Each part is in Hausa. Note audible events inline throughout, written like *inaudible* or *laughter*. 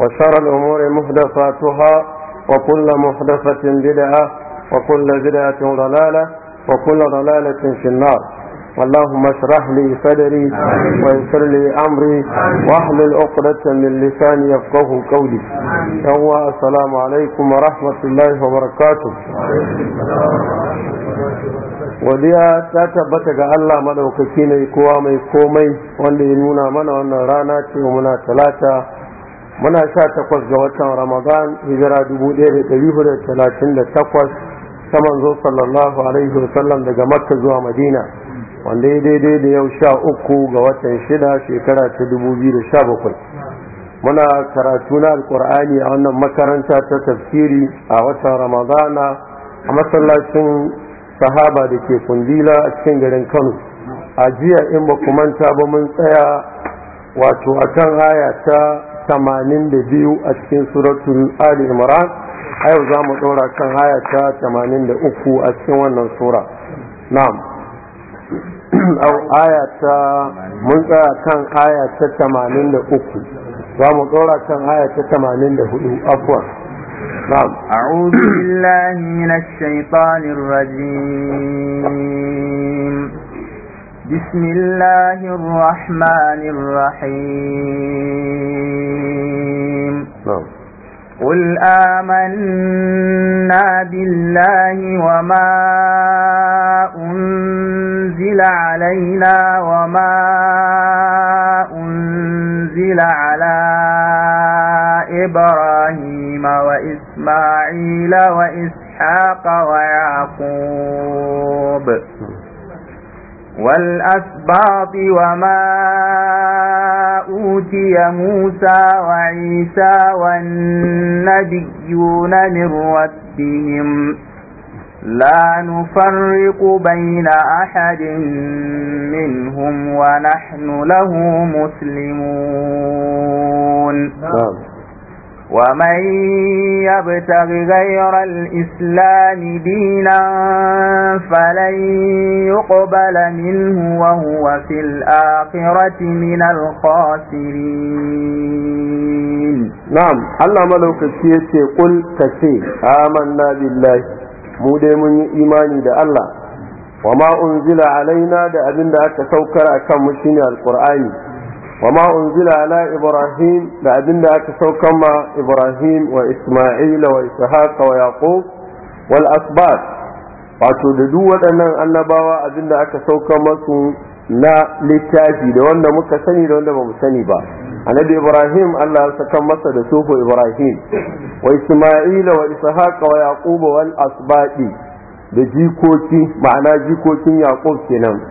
وشر الأمور محدثاتها وكل محدثة بدعة وكل بدعة ضلالة وكل ضلالة في النار اللهم اشرح لي صدري ويسر لي أمري واحلل عقدة من لساني يفقه قولي يوا السلام عليكم ورحمة الله وبركاته godiya ta tabbata ga Allah madaukaki mai kowa mai komai wanda ya nuna mana wannan rana ce muna talata muna sha takwas ga watan ramadan hijira dubu ɗaya da ɗari hudu da talatin da takwas ta manzo sallallahu alaihi wasallam daga makka zuwa madina wanda ya daidai da yau sha uku ga watan shida shekara ta dubu biyu da sha bakwai muna karatu na alkur'ani a wannan makaranta ta tafsiri a watan ramadana a masallacin sahaba da ke kundila a cikin garin kano a jiya in ba manta ba mun tsaya wato a kan aya ta tamanin da biyu a cikin suratul ali imran a yau za mu ɗora kan haya ta tamanin da uku a cikin wannan sura na'am au mun tsaya kan haya ta tamanin da uku za mu ɗora kan haya ta tamanin da hudu afuwar na'am a billahi minash shaitanir rajim bismillahir rahmanir rahim قل آمنا بالله وما أنزل علينا وما أنزل على إبراهيم وإسماعيل وإسحاق ويعقوب والأسباط وما أوتي موسى وعيسى والنبيون من ربهم لا نفرق بين أحد منهم ونحن له مسلمون نعم. ومن يبتغ غير الإسلام دينا فلن يقبل منه وهو في الآخرة من الخاسرين نعم الله ملوك السيسي قل كسي آمنا بالله مودي من إيماني دا الله وما أنزل علينا دا أبن دا أكا سوكر أكا مشيني القرآن wa ma unzila ala ibrahim da abin da aka saukan ma ibrahim wa Isma'il wa ishaq wa yaqub wal asbat wato da duk waɗannan annabawa abin da aka sauka masu na littafi da wanda muka sani da wanda ba mu sani ba annabi ibrahim allah ya saka masa da sufu ibrahim wa isma'ila wa ishaq wa yaqub wal asbati da jikoki ma'ana jikokin yaqub kenan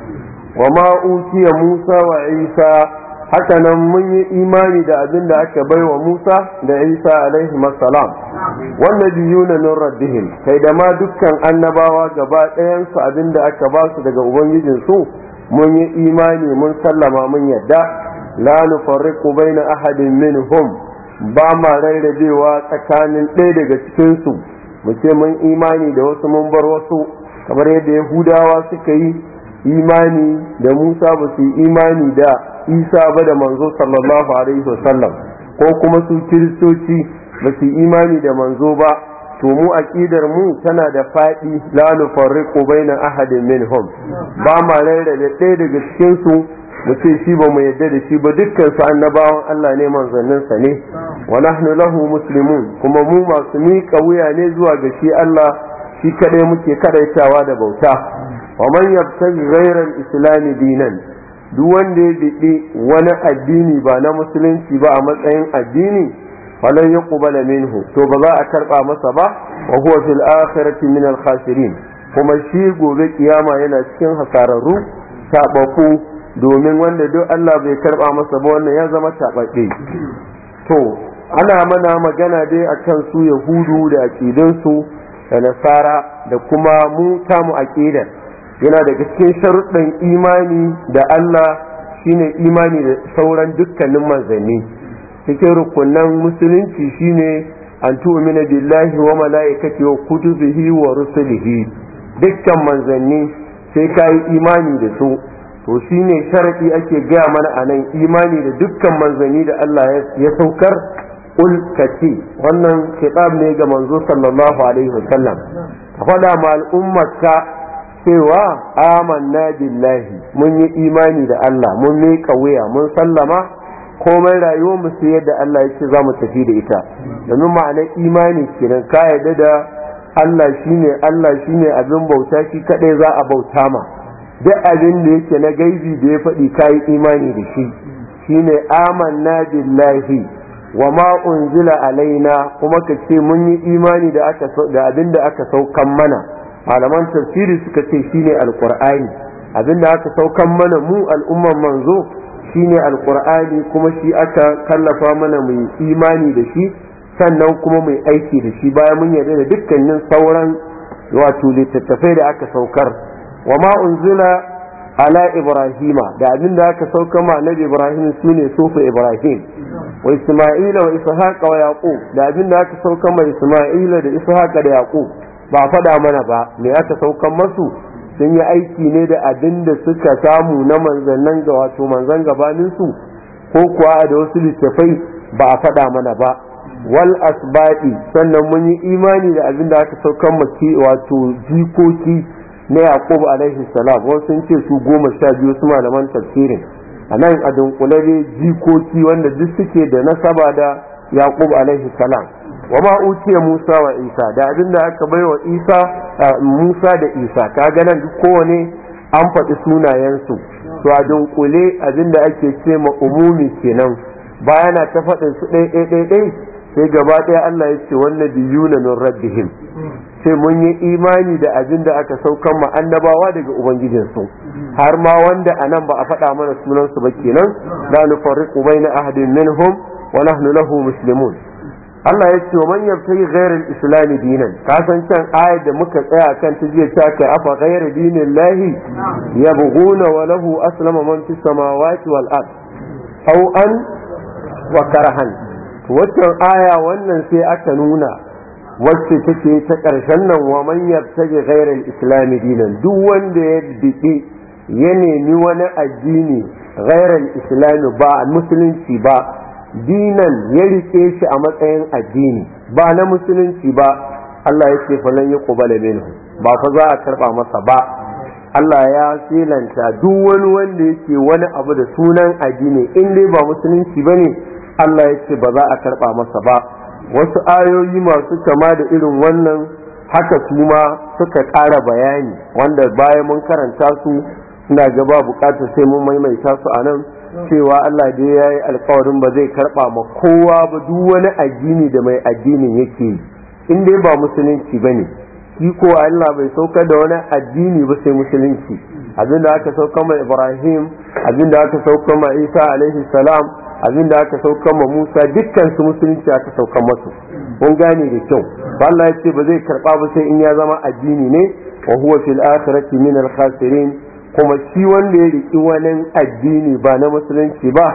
wa ma utiya musa wa isa haka nan mun yi imani da abin da aka bai wa Musa da Isa alaihi salam wannan biyuna min raddihin kai da ma dukkan annabawa gaba ɗayansu abin da aka ba su daga ubangijinsu mun yi imani mun sallama mun yadda la nufarriqu baina ahadin minhum ba ma rairabewa tsakanin ɗaya daga cikin su mu ce mun imani da wasu mun bar wasu kamar yadda yahudawa suka yi imani da Musa ba su imani da Isa ba da manzo sallallahu alaihi wasallam ko kuma su kiristoci ba su imani da manzo ba to mu aqidar mu tana da faɗi la nufarriqu baina ahadin minhum ba ma raira da ɗaya daga cikin su mu ce shi ba mu yadda da shi ba dukkan su annabawan Allah ne manzannin sa ne wa nahnu lahu muslimun kuma mu masu miƙa wuya ne zuwa ga shi Allah shi kadai muke kadaitawa da bauta wa man yabtaghi ghayra al-islam duk wanda ya bidi wani addini ba na musulunci ba a matsayin addini ya yuqbala minhu to ba za a karɓa masa ba wa huwa fil akhirati min al-khasirin kuma shi gobe kiyama yana cikin hasararru tabaku domin wanda duk Allah bai karɓa masa ba wannan ya zama tababbe to ana mana magana dai akan su yahudu da aqidansu da nasara da kuma mu tamu aqidar yana da cikin sharuɗin imani da Allah shine imani da sauran dukkanin manzanni cikin rukunan musulunci shine an tu'mina billahi wa malaikati wa kutubihi wa rusulihi dukkan manzanni sai ka yi imani da su to shine sharadi ake gaya mana a nan imani da dukkan manzanni da Allah ya saukar ulkaci wannan kitab ne ga manzo sallallahu alaihi wasallam ka faɗa ma al'ummarka cewa amanna billahi mun yi imani da Allah mun miƙa wuya mun sallama komai rayuwar mu sai yadda Allah ya ce za mu tafi da ita domin ma'anar imani kenan ka yadda da Allah shine Allah shine abin bauta shi kaɗai za a bauta ma duk abin da yake na gaibi da ya faɗi kayi imani da shi shine amanna billahi wa ma unzila alaina kuma ka ce mun yi imani da abin da aka saukan mana malaman tafsiri suka ce shine alqur'ani abinda aka saukan mana mu al'umman manzo shine alqur'ani kuma shi aka kallafa mana mu imani da shi sannan kuma mu aiki da shi bayan mun yarda da dukkanin sauran wato littattafai da aka saukar wa ma unzila ala ibrahima da abin da aka sauka ma nabi ibrahim shine sufu ibrahim wa isma'ila wa ishaqa wa yaqub da abin da aka sauka ma isma'ila da ishaqa da yaqub ba faɗa mana ba me aka saukan masu sun yi aiki ne da abin da suka samu na manzannin ga wato manzan su? ko kuwa da wasu littafai ba a faɗa mana ba wal asbaɗi sannan mun yi imani da abin da aka saukan maki wato jikoki na yaqubu alaihi salam wasu sun ce su goma sha biyu su malaman tafsirin a nan a dunkulare jikoki wanda duk suke da nasaba da yaqub alaihi salam wa ma utiya Musa wa Isa da abin da aka bai wa Isa Musa da Isa ga nan duk kowane an faɗi sunayensu to a dunƙule abin da ake ce ma umumi kenan bayana ta faɗi su dai-dai-dai, sai gaba ɗaya Allah ya ce wannan biyuna min rabbihim sai mun yi imani da abin da aka saukan ma annabawa daga ubangijinsu har ma wanda a nan ba a faɗa mana sunansu ba kenan la nufarriqu baina ahadin minhum wa nahnu lahu muslimun Allah ya ce man yabtayi ghairal islam dinan ka san can ayar da muka tsaya kan ta jiya ta kai afa ghairu dinin lahi yabghuna wa lahu aslama man fis samawati wal ard aw an wa karahan wannan aya wannan sai aka nuna wacce take ta karshen nan wa man yabtayi ghairal islam dinan duk wanda ya biki ya nemi wani addini ghairal islam ba musulunci ba dinan ya rike shi a matsayin addini ba na musulunci ba Allah ya ce falan ya kubala minhu ba fa za a karba masa ba Allah ya filanta duk wani wanda yake wani abu da sunan addini in dai ba musulunci ba ne? Allah ya ce ba za a karba masa ba wasu ayoyi masu kama da irin wannan haka su ma suka ƙara bayani wanda bayan mun karanta su ina ga ba bukatar sai mun maimaita su a nan cewa Allah dai ya yi alkawarin ba zai karɓa ma kowa ba duk wani addini da mai addinin yake yi in dai ba musulunci ba ne shi ko Allah bai sauka da wani addini ba sai musulunci abin da aka sauka ma Ibrahim abin da aka sauka ma Isa alaihi salam da aka sauka ma Musa dukkan su musulunci aka sauka masu mun gane da kyau ba Allah ya ce ba zai karɓa ba sai in ya zama addini ne wa huwa fil akhirati min al khasirin kuma shi wanda ya riki wani addini ba na musulunci ba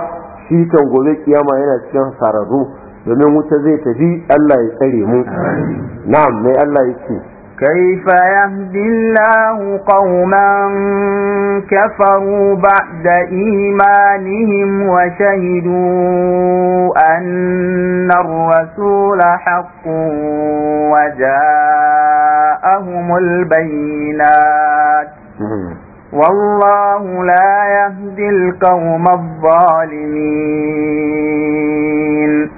shi kan gobe kiyama yana cikin hasararru domin wuta zai tafi Allah ya tsare mu na'am mai Allah ya ce كيف يهدي الله قوما كفروا بعد إيمانهم وشهدوا أن الرسول حق وجاءهم البينات والله لا يهدي القوم الظالمين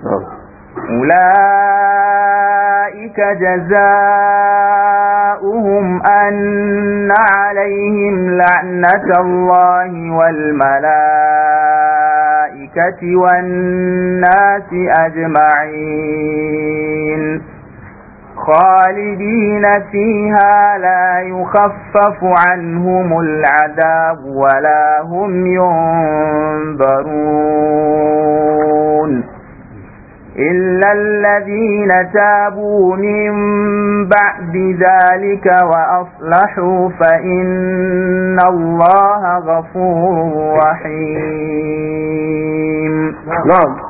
أولئك جزاؤهم أن عليهم لعنة الله والملائكة والناس أجمعين خالدين فيها لا يخفف عنهم العذاب ولا هم ينظرون إلا الذين تابوا من بعد ذلك وأصلحوا فإن الله غفور رحيم نعم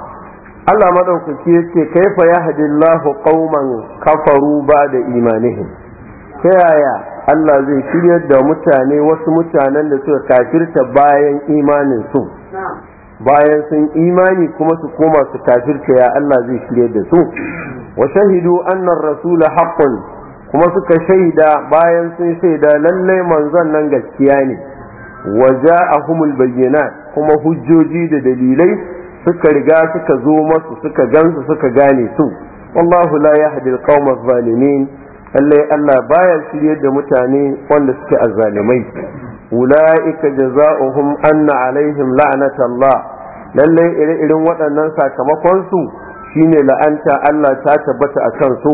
Allah madaukaki yake kaifa yahdillahu qauman kafaru ba da imanihim ta yaya Allah zai shiryar da mutane wasu mutanen da suka kafirta bayan imanin su bayan sun imani kuma su koma su kafirta ya Allah zai shiryar da su wa shahidu anna rasula haqqun kuma suka shaida bayan sun shaida lalle manzon nan gaskiya ne wa ja'ahumul bayyinat kuma hujjoji da dalilai suka riga suka zo masu suka gansu suka gane su wallahu la yahdi alqawma zalimin allai Allah baya shirye da mutane wanda suke azzalimai ulaika jazaohum anna alaihim la'natullah lallai ire irin waɗannan sakamakon su shine la'anta Allah ta tabbata akan su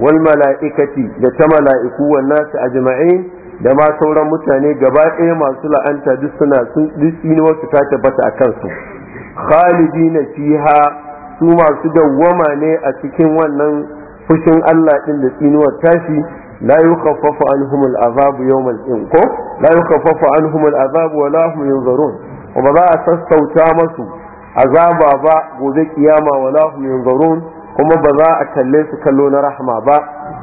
wal mala'ikati da ta mala'iku wannan su ajma'in da ma sauran mutane gaba ɗaya masu la'anta duk suna sun duk ta tabbata a kansu. khalidina fiha su masu dawwama ne a cikin wannan fushin Allah din da tsinuwar tashi la yukhaffafu anhum al-azab yawm al-qiyam ko la yukhaffafu anhum al-azab wa la hum yunzarun kuma ba a sassauta masu azaba ba gobe kiyama wa la yunzarun kuma ba za a kalle su kallo na rahma ba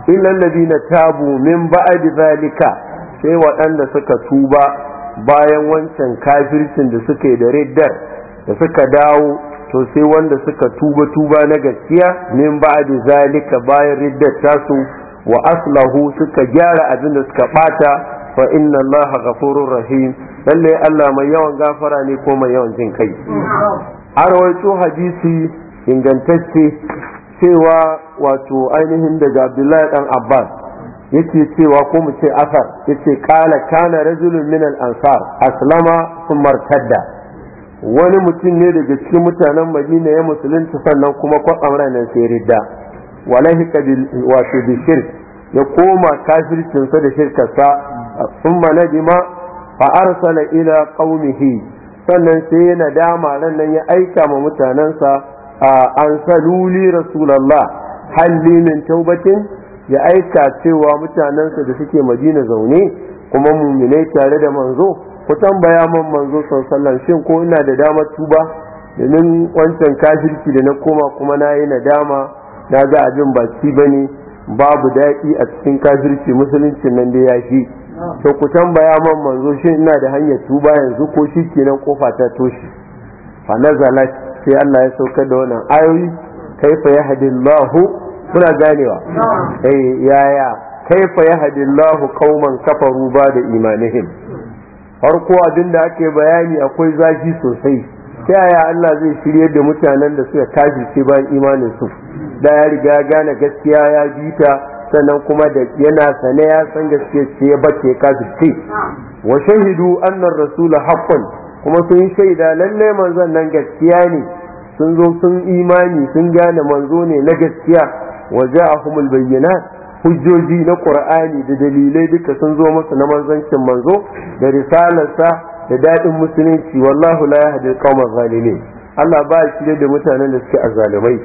illa alladhina tabu min ba'd zalika sai waɗanda suka tuba bayan wancan kafircin da suke da riddar da suka dawo to sai wanda suka tuba tuba na gaskiya min da zalika bayan riddar tasu wa aslahu suka gyara abin da suka bata fa inna allaha ghafurur rahim lalle Allah mai yawan gafara ne ko mai yawan jin kai to hadisi ingantacce cewa wato ainihin daga Abdullahi dan Abbas yake cewa ko mu ce asar yace ƙara kana rajulun min al-ansar aslama thumma irtadda wani mutum ne daga cikin mutanen madina ya musulunta sannan kuma kwatsam ranar sai ridda walahi wato bi shirk ya koma kafircinsa da shirkarsa na nadima fa arsala ila qaumihi sannan sai yana dama ran nan ya aika ma mutanensa an saluli rasulullah halli min taubatin ya aika cewa mutanansa da suke madina zaune kuma muminai tare da manzo ku tambaya man manzo sallallahu shin ko ina da dama tuba domin wancan kafirci da na koma kuma na yi nadama na ga abin baki bane babu daɗi a cikin kafirci musuluncin nan da ya shi to ku tambaya man manzo shin ina da hanyar tuba yanzu ko shi kenan kofa ta toshe fa nazala sai Allah ya sauka da wannan ayoyi kaifa yahdillahu kuna ganewa eh yaya kaifa yahdillahu qauman kafaru ba da imanihim farko abin da ake bayani akwai zafi sosai ta yaya Allah zai shirye da mutanen da suka tashi ce bayan imanin su da ya riga gane gaskiya ya jita, sannan kuma da yana sane ya san gaskiya ce ya bace kafirce wa shahidu annar rasul haqqan kuma sun shaida lalle manzon nan gaskiya ne sun zo sun imani sun gane manzo ne na gaskiya wa ja'ahumul bayyinat hujjoji na ƙur'ani da dalilai duka sun zo masa na manzancin manzo da risalarsa da daɗin musulunci wallahu la yahdi al-qawma zalimin Allah ba shi da mutanen da suke azzalumai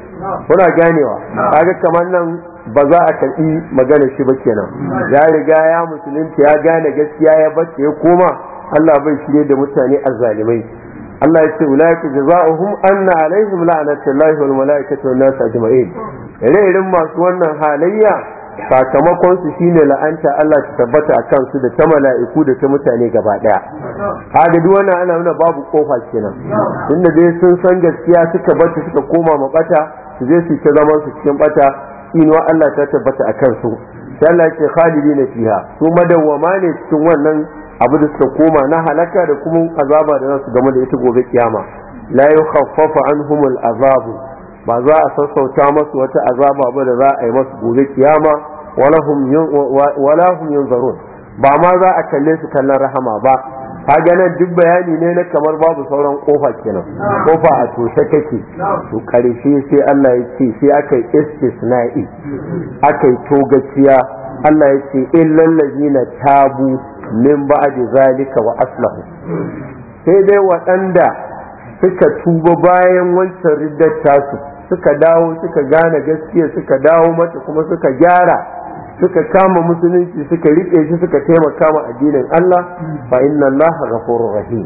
muna ganewa kaga kamar nan ba za a karɓi magana shi ba kenan ya riga ya musulunci ya gane gaskiya ya bace ya koma Allah bai shi da mutane zalumai. Allah ya ce ulaiku jazaohum anna alaihim la'natullahi wal malaikatu wan nas ajma'in ire irin masu wannan halayya sakamakon su shine la'anta Allah ta tabbata a kansu da ta mala'iku da ta mutane gaba daya haka duk wannan ana nuna babu kofa kenan tunda dai sun san gaskiya suka bata suka koma mabata su je su ta zaman su cikin bata inuwa Allah ta tabbata a kansu sai Allah ce khalidina fiha su madawwama ne cikin wannan abu da suka koma na halaka da kuma azaba da za su game da ita gobe kiyama la yukhaffafu anhumul azabu ba za a sassauta masu wata azaba ba da za a yi masu gobe kiyama walahum yin ba ma za a kalle su kallon rahama ba kaga duk bayani ne na kamar babu sauran kofa kenan kofa a toshe kake to karshe sai Allah ya ce sai aka yi istisna'i aka yi togaciya Allah ya ce illal ladina tabu min ba ba'di zalika wa aslahu sai dai waɗanda suka tuba bayan wancan riddar tasu suka dawo suka gane gaskiya suka dawo mata kuma suka gyara suka kama musulunci suka riƙe shi suka taimaka ma addinin Allah fa inna Allah ghafurur rahim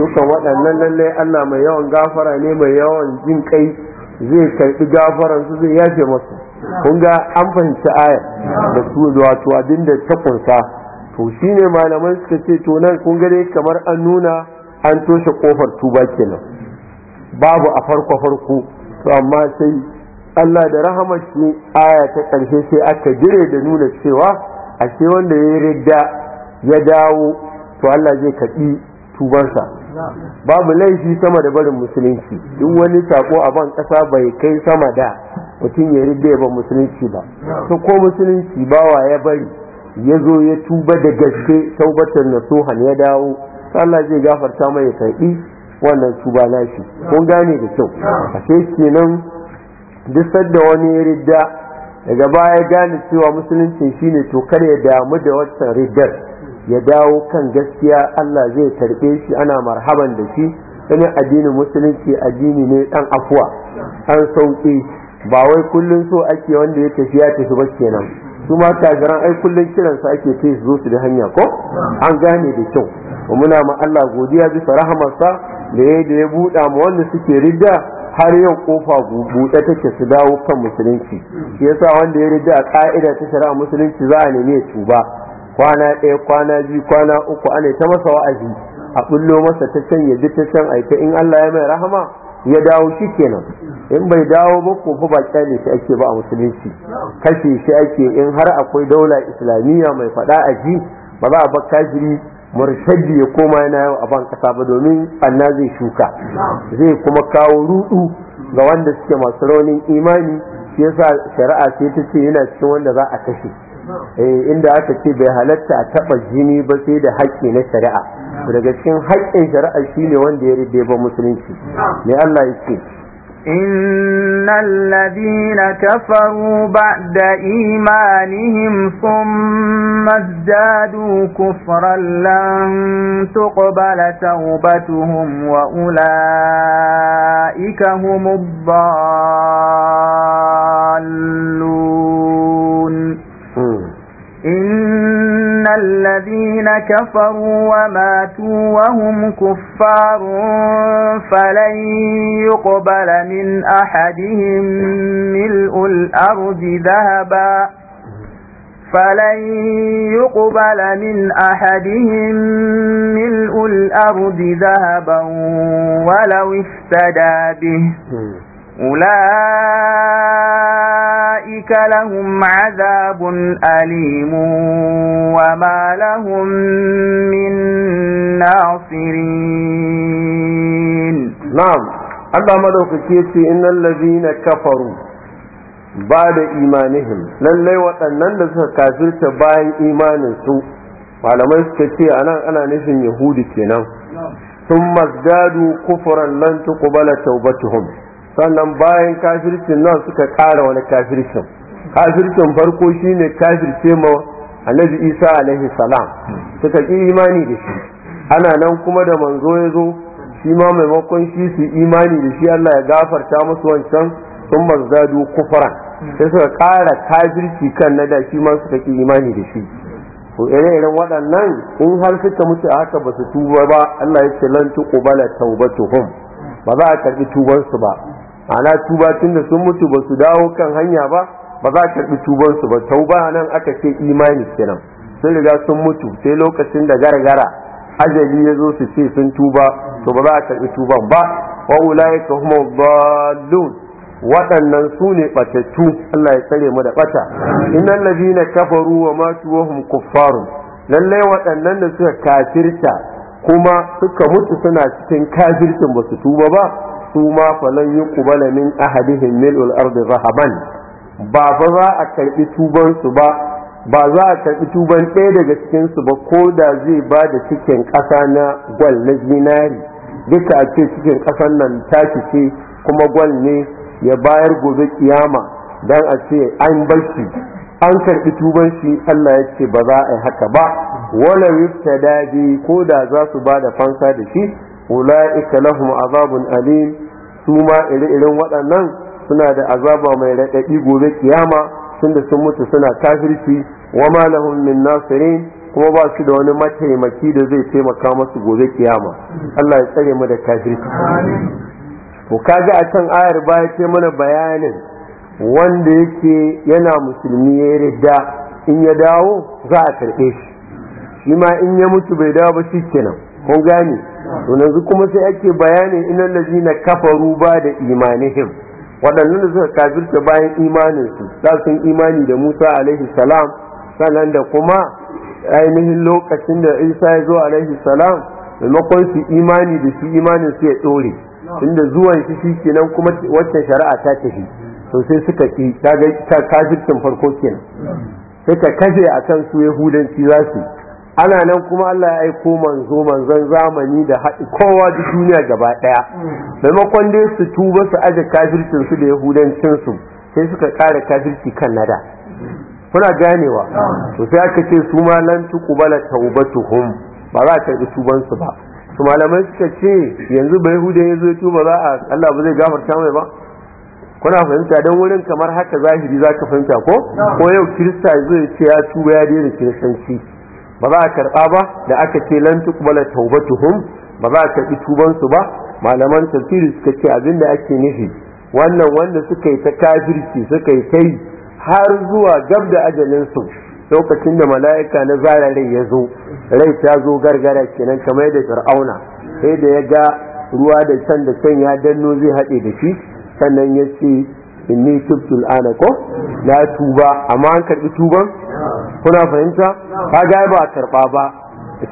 dukan waɗannan lalle Allah mai yawan gafara ne mai yawan jin kai zai karbi gafaran su zai yafe masu kun ga an fahimci ayar da su wato abinda ta kunsa to shine malaman suka ce to nan kun ga dai kamar an nuna an toshe kofar tuba kenan babu a farko farko to amma sai Allah da rahama shi aya ta ƙarshe sai aka jire da nuna cewa a ashe wanda ya ridda ya dawo to Allah zai kaɗi tubansa babu laifi sama da barin musulunci duk wani sako a ban ƙasa bai kai sama da mutum ya ridda ya ba musulunci ba to ko musulunci bawa ya bari ya zo ya tuba da gaske taubatar na nasuhan ya dawo Allah zai gafarta mai ya karɓi wannan su tuba nashi kun gane da kyau a ke kenan duk sadda wani ridda daga baya gane cewa musulunci shine to ya damu da waccan riddar ya dawo kan gaskiya Allah zai tarbe shi ana marhaban da shi sanin addinin musulunci addini ne dan afuwa an sauke ba wai kullum so ake wanda ya tafi ya tafi ba kenan su ma tajiran ai kullun ake kai zo su da hanya ko an gane da kyau muna ma Allah godiya bisa rahamarsa da ya da ya buɗa ma wanda suke ridda har yau kofa buɗe take su dawo kan musulunci shi yasa wanda ya ridda a ka'ida ta shari'a musulunci za a nemi ya tuba kwana ɗaya kwana biyu kwana uku ana ta masa wa'azi a bullo masa ta can ya ji ta can aita in Allah ya mai rahama ya dawo shi kenan in bai dawo ba ko fa ba kyale shi ake ba a musulunci kashe shi ake in har akwai daula islamiyya mai fada a ji ba za a bar kafiri murshidi ya koma yana yau a ban kasa ba domin anna zai shuka zai kuma kawo rudu ga wanda suke masu raunin imani shi yasa shari'a ce ta ce yana cikin wanda za a kashe eh inda aka ce bai halatta a taba jini ba sai da haƙƙi na shari'a daga cikin haƙƙin shari'a shine wanda ya rube ba musulunci ne Allah ya ce إن الذين كفروا بعد إيمانهم ثم ازدادوا كفرا لن تقبل توبتهم وأولئك هم الضالون إن الذين كفروا وماتوا وهم كفار فلن يقبل من أحدهم ملء الأرض ذهبا فلن يقبل من أحدهم ملء الأرض ذهبا ولو افتدى به Wulaƙa kalar mu mazaun alimu wa malamain Nusurin. Na'am, Allah Madaukake ce in nan lafiya ba da imanihin, lallai waɗannan da suka kasance bayan imanin su malamai suke ce anan ana nufin Yahudi kenan. Sun masgadu kufran lantuku ba la sannan bayan kafircin nan suka ƙara wani kafircin kafircin farko shine kafirce ma annabi isa alaihi salam suka ƙi imani da shi ana nan kuma da manzo ya zo shi ma maimakon shi su imani da shi allah ya gafarta masu wancan sun gado kufuran sai suka ƙara kafirci kan na da shi ma suka ƙi imani da shi to ire-iren waɗannan in har suka mutu a haka ba su tuba ba allah ya ce lan tuqbala taubatuhum ba za a karbi tubansu ba ana tuba tun da sun mutu ba su dawo kan hanya ba ba za a karɓi tubansu ba tauba nan aka ce imani kenan sun riga sun mutu sai lokacin da gargara ajali ya zo su ce sun tuba to ba za a karɓi tuban ba wa ka huma dallun waɗannan su ne ɓatattu Allah ya tsare mu da ɓata innal ladina kafaru wa matu wa hum kuffarun lallai waɗannan da suka kafirta kuma suka mutu suna cikin kafircin ba su tuba ba su ma falan yi kubala min ahadihim mil'ul ardi rahaban ba fa za a karbi tuban su ba ba za a karbi tuban ɗaya daga cikin su ba ko da zai ba da cikin ƙasa na gwal na zinari duka a ce cikin ƙasan nan tashi ce kuma gwal ne ya bayar gobe kiyama dan a ce an bar shi an karbi tuban shi Allah ya ce ba za a yi haka ba wala yuftada bi ko da za su ba da fansa da shi ula'ika lahum azabun alim su ma ire-iren waɗannan suna da azaba mai raɗaɗi gobe kiyama tunda sun mutu suna kafirci wa ma lahum min nasirin kuma ba su da wani mataimaki da zai taimaka masu gobe kiyama Allah ya tsare mu da kafirci to kaga a can ayar baya ce mana bayanin wanda yake yana musulmi ya ridda in ya dawo za a karɓe shi shi ma in ya mutu bai dawo ba shi kenan kun gane to yanzu kuma sai ake bayanin inal ladina kafaru ba da imanihim waɗannan da suka kafirta bayan imaninsu, su za su imani da Musa alaihi salam sannan da kuma ainihin lokacin da Isa ya zo alaihi salam maimakon su imani da shi imanin su ya ɗore tunda zuwan shi shi kenan kuma wacce shari'a ta tafi to sai suka ki ta kafircin farko kenan suka kaje akan su yahudanci za su ana nan kuma Allah ya aiko manzo manzon zamani da haɗi kowa da duniya gaba ɗaya maimakon dai su tuba su aje kafircin su da yahudancin su sai suka ƙara kafirci kan nada kuna ganewa to sai aka ce su ma lan tuqbala taubatuhum ba za a yi tuban su ba su malamai suka ce yanzu ba yahuda ya zo tuba za a Allah ba zai gafarta mai ba kuna fahimta don wurin kamar haka zahiri za ka fahimta ko ko yau kirista zai ce ya tuba ya daina kiristanci ba za a karɓa ba da aka ce lan tuqbala tawbatuhum ba za a karɓi tubansu ba malaman tafsiri suka ce abin da ake nufi wannan wanda suka yi ta kafirci suka yi ta har zuwa gab da ajalinsu lokacin da mala'ika na zara rai ya zo rai ta zo gargara kenan kamar da fir'auna sai da ya ga ruwa da can da can ya danno zai haɗe da shi sannan ya ce inni tubtu ana ko na tuba amma an karbi tuban kuna fahimta ga ba karba ba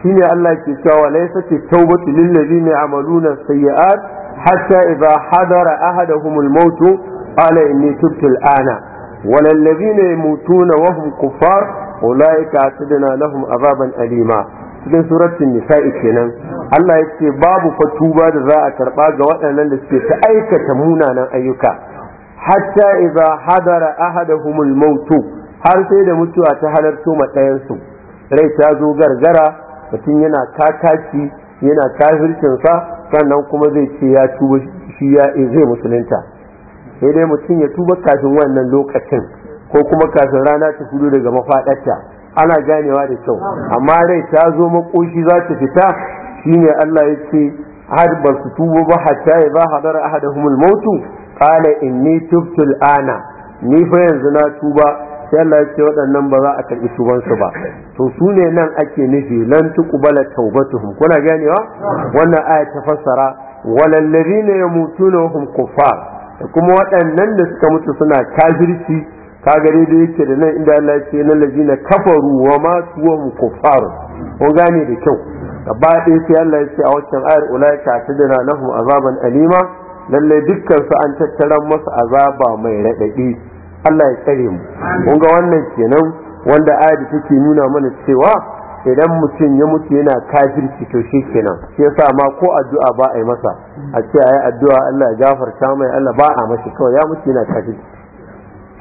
shine Allah ke cewa laysa tawbatu lil ladina amaluna sayyi'at hatta idha hadara ahaduhum al-maut qala inni tubtu ana. wal ladina yamutuna wa hum kuffar ulaika atadna lahum azaban alima cikin suratun nisa'i kenan Allah ya ce babu fatuba da za a karba ga waɗannan da suke ta aikata munanan ayyuka hatta idza hadara ahadahumul mautu har sai da mutuwa ta halarto ma ɗayansu rai ta zo gargara mutum yana kakaci yana sa sannan kuma zai ce ya tuba shi ya zai musulunta sai dai mutum ya tuba kafin wannan lokacin ko kuma kafin rana ta fito daga mafadarta ana ganewa da kyau amma rai ta zo makoshi za ta fita shine Allah ya ce har ba su tuba ba hatta ya ba hadara ahadahumul mautu qala inni tubtu ni fa yanzu na tuba sai Allah ya ce waɗannan ba za a karbi tuban ba to su ne nan ake nufi lan tuqbala taubatuhum kuna ganewa wannan aya ta fassara walal ladina yamutuna hum kuffar kuma waɗannan da suka mutu suna kafirci kaga gare da yake da nan inda Allah ya ce na ladina kafaru wa ma wa kuffar ko gane da kyau gaba ɗaya sai Allah ya ce a waccan ayar ulaika tadana lahum azaban alima Lallai dukkan su an tattaran masu azaba mai raɗaɗi Allah ya tsare mu kun ga wannan kenan wanda ayati take nuna mana cewa idan mutum ya mutu yana kafirci to shi kenan shi yasa ma ko addu'a ba a yi masa a ce ayi addu'a Allah ya gafarta mai Allah ba a mashi kawai ya mutu yana kafir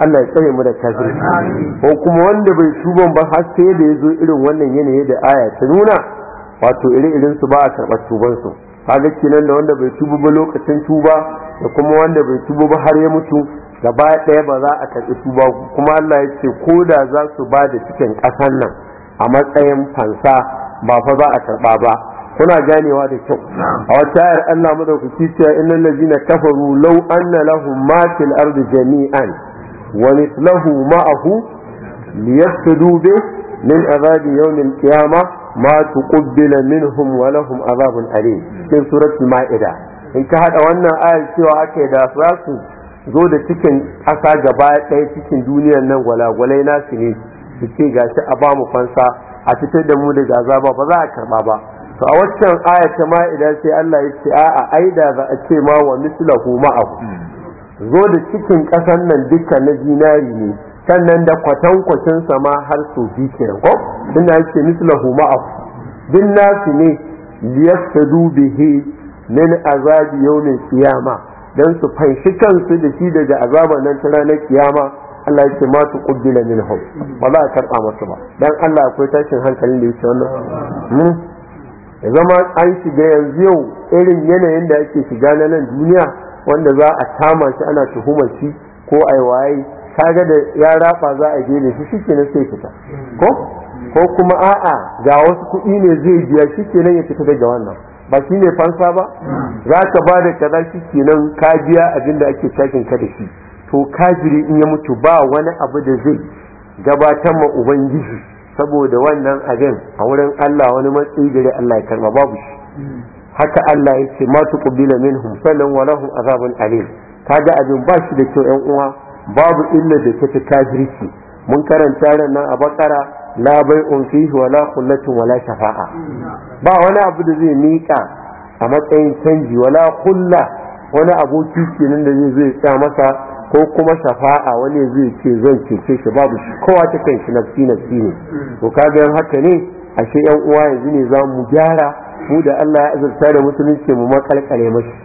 Allah ya tsare mu da kafirci ko kuma wanda bai tuban ba har sai da ya zo irin wannan yanayi da aya ta nuna wato iri irinsu ba a karɓar tubansu kaga kenan da wanda bai tubu ba lokacin tuba da kuma wanda bai tubu ba har ya mutu gaba ɗaya ba za a karɓi tuba kuma Allah ya ce ko da za su ba da cikin ƙasan nan a matsayin fansa ba fa za a karɓa ba kuna ganewa da kyau a wata ayar Allah madaukaki cewa innal ladina kafaru law anna lahum ma fil ardi jami'an wa mithluhu ma'ahu liyaftadu bi min azabi yawmil qiyamah ma tuqbila minhum wa lahum azabun alim cikin suratul maida in ka hada wannan ayar cewa ake da za su zo da cikin ƙasa gaba ɗaya cikin duniyar nan gwalagwalai nasu ne su ce shi a bamu mu fansa a fitar da mu daga azaba ba za a karba ba to a waccan ayar ta ma'ida sai Allah ya ce a'a ai da za a ce ma wa mislahu ma'ahu zo da cikin ƙasan nan duka na zinari ne sannan da kwatankwacin sama har su bi ke ko din yake mislahu ma'af din nasu ne liyasadu bihi min azabi yawmin qiyama dan su fanshi kansu da shi daga azaban nan ta ranar kiyama Allah yake ma su min minhum ba za a karba masu ba dan Allah akwai tashin hankalin da yake wannan hmm? ya zama an shiga yanzu yau irin yanayin da ake shiga na nan duniya wanda za a tama shi ana tuhumar shi ko ai waye kaga da ya raba za a gele shi shikenan sai fita ko ko kuma a'a ga wasu kuɗi ne zai biya nan ya fita daga wannan ba shi ne fansa ba za ka ba da kaza nan ka biya abin da ake cakin ka da shi to ka jiri in ya mutu ba wani abu da zai gabatar ma ubangiji saboda wannan abin a wurin Allah wani matsayi gare Allah ya karba babu shi haka Allah ya ce ma min minhum walahu wa lahum azabun alim ga abin ba shi da kyau yan uwa babu illa da ta tajirci mun karanta ran nan a bakara la wa la wala wa wala shafa'a ba wani abu da zai mika a matsayin canji wala kulla wani aboki kenan da zai zai tsaya masa ko kuma shafa'a wani zai ce zan cece shi babu shi kowa ta kan shi nafsi nafsi ne to kaga haka ne ashe yan uwa yanzu ne za mu gyara mu da Allah ya azurta da musulunci mu makalkale mashi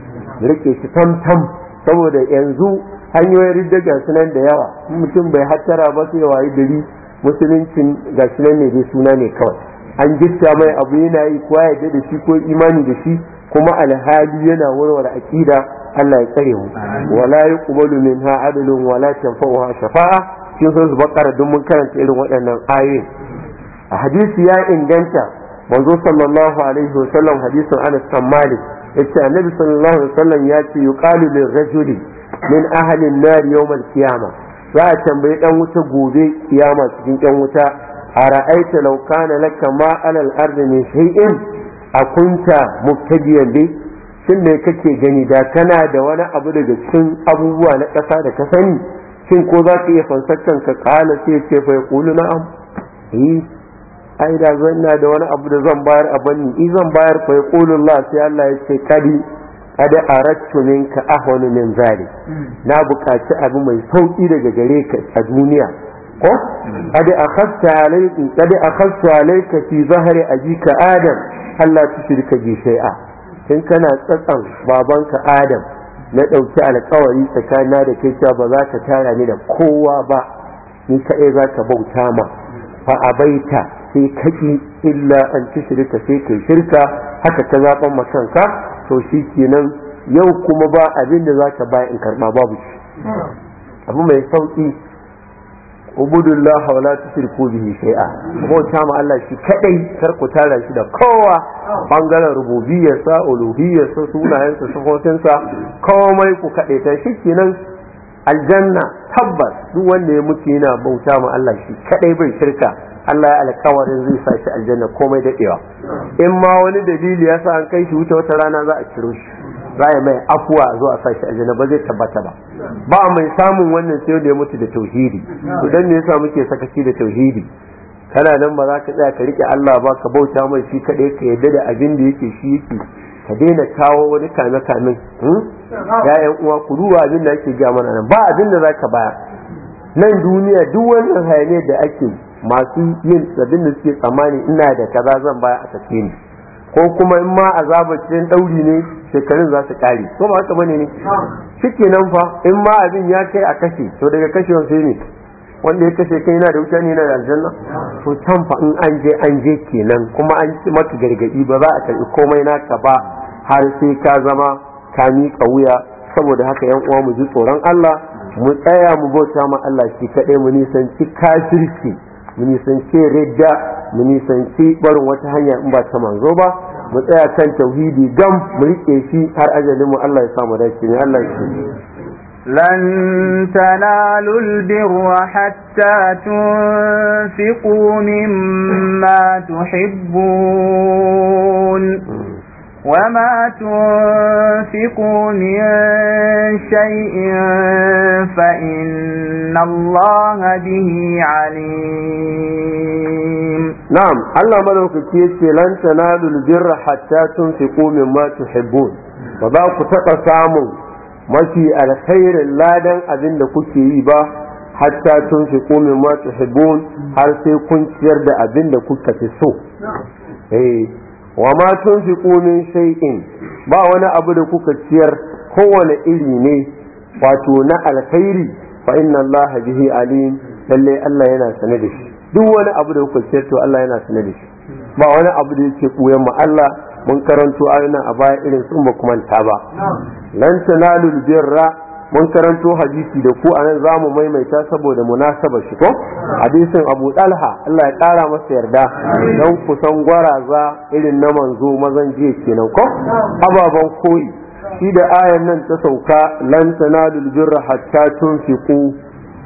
rike shi tam tam saboda yanzu hanyoyin riddiga sunan da yawa mutum bai hattara ba sai wayi dari musuluncin ga sunan ne dai suna ne kawai an gitta mai abu yana yi kuwa ya da shi ko imani da shi kuma alhali yana warware aƙida Allah ya tsare mu wala yuqbalu minha adlun wala tanfa'uha shafa'a cikin sunan bakara duk mun karanta irin waɗannan ayoyin a hadisi ya inganta manzo sallallahu alaihi wasallam hadisin Anas bin Malik yace annabi sallallahu alaihi wasallam ya ce yuqalu rajuli min ahli an-nar yawm al za a tambayi dan wuta gobe kiyama cikin dan wuta ara'aita law kana laka ma alal ardi min shay'in akunta mubtadiyan bi shin me kake gani da kana da wani abu daga cikin abubuwa na ƙasa da ka sani shin ko za ka iya fansar ka kala sai ce fa yaqulu na'am eh. ai da zan da wani abu da zan bayar a bani in zan bayar fa yaqulullah sai Allah ya ce kadi kad arattu minka ahwanu min zali na bukaci abu mai sauki daga gare ka a duniya ko kad akhadta alayka kad akhadta alayka fi zahri ajika adam Allah shirka ji shay'a in kana tsatsan babanka adam na dauki alƙawari tsakanina da kai cewa ba za ka tara ni da kowa ba ni kaɗai za ka bauta ma fa abaita sai kaki illa an tushrika sai kai shirka haka ka zaban makanka to shi kenan yau kuma ba abin da ka ba in karba babu shi abu mai sauƙi ubudullah wa la tushriku bihi shai'a bauta ma Allah shi kaɗai kar tara shi da kowa bangaren rububiyarsa uluhiyyarsa sunayensa sifofinsa komai ku ta shi kenan aljanna tabbas duk wanda ya mutu yana bauta ma Allah shi kaɗai bai shirka Allah ya alkawarin zai sa shi aljanna komai daɗewa in ma wani dalili ya sa an kai shi wuce wata rana za a ciro shi za a mai afuwa zuwa sa shi aljanna ba zai tabbata ba ba mai samun wannan sai da ya mutu da tauhidi idan ne yasa muke sakaci da tauhidi kana nan ba za ka tsaya ka rike Allah ba ka bauta mai shi kaɗai ka yadda da abin da yake shi yake ka daina kawo wani kame kamin hmm? ya yan uwa ku duba abin da ake gaya mana nan ba abin da za ka baya nan duniya duk wannan hayaniyar da ake masu yin abin da suke tsammani ina da kaza zan baya a sake ni ko kuma in ma azaba cikin ɗauri ne shekarun za su kare ko ba haka bane ne nan fa in ma abin ya kai a kashe to daga kashewa sai ne wanda ya kashe kai yana da wuta ne yana da aljanna to can fa in an je an je kenan kuma an ci maka gargadi ba za a karbi komai naka ba har sai ka zama ka miƙa wuya saboda haka yan uwa mu ji tsoron Allah mu tsaya mu bauta ma Allah shi kaɗai mu nisan, nisanci kafirci mu nisanci ridda mu nisanci barin wata hanya in ba ta manzo ba mu tsaya kan tauhidi gam mu rike shi har ajalin mu Allah ya samu dace ne Allah ya لن تنالوا البر حتى تنفقوا مما تحبون وما تنفقوا من شيء فإن الله به عليم نعم الله ملوك كيتي لن تنالوا البر حتى تنفقوا مما تحبون وباكو تقساموا mafi alkhairin ladan abin da kuke yi ba hatta tun fi komin ma tuhibbun har sai kun ciyar da abin da kuka fi so wa ma tunfiqu min shay'in ba wani abu da kuka ciyar kowane iri ne wato na alkhairi fa inna Allah bihi alim lalle Allah yana sane da shi duk wani abu da kuka ciyar to Allah yana sane da shi ba wani abu da yake koyan mu Allah mun karanto ayoyin a baya irin sun ba kuma ta ba lan tanalul birra mun karanto hadisi da ku anan za mu maimaita saboda munasabar shi ko hadisin abu dalha Allah ya kara masa yarda don kusan gwaraza irin na manzo mazan jiya kenan ko ababan koyi shi da ayan nan ta sauka lan tanalul birra hatta tunfiqu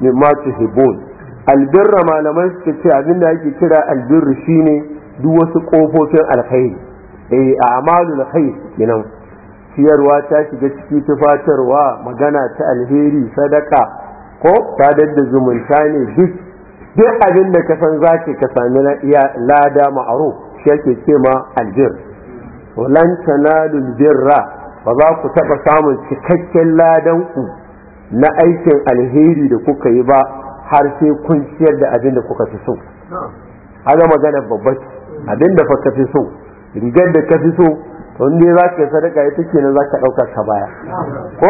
mimma tuhibun albirra malamai suke ce abin da ake kira albirru shine duk wasu kofofin alkhairi eh a'malul khair kenan ciyarwa ta shiga ciki tufatarwa magana ta alheri sadaka ko sadar da zumunta ne duk duk abin da ka san zaki ka sami na iya lada ma'aru shi ake ce ma aljir lan tanalul birra ba za ku taba samun cikakken ladan ku na aikin alheri da kuka yi ba har sai kun ciyar da abin da kuka fi so Haga magana babba abin da fa ka fi so rigar da ka fi so wanda ya za ka yi sadaka ita ce nan za ka ɗauka ka baya ko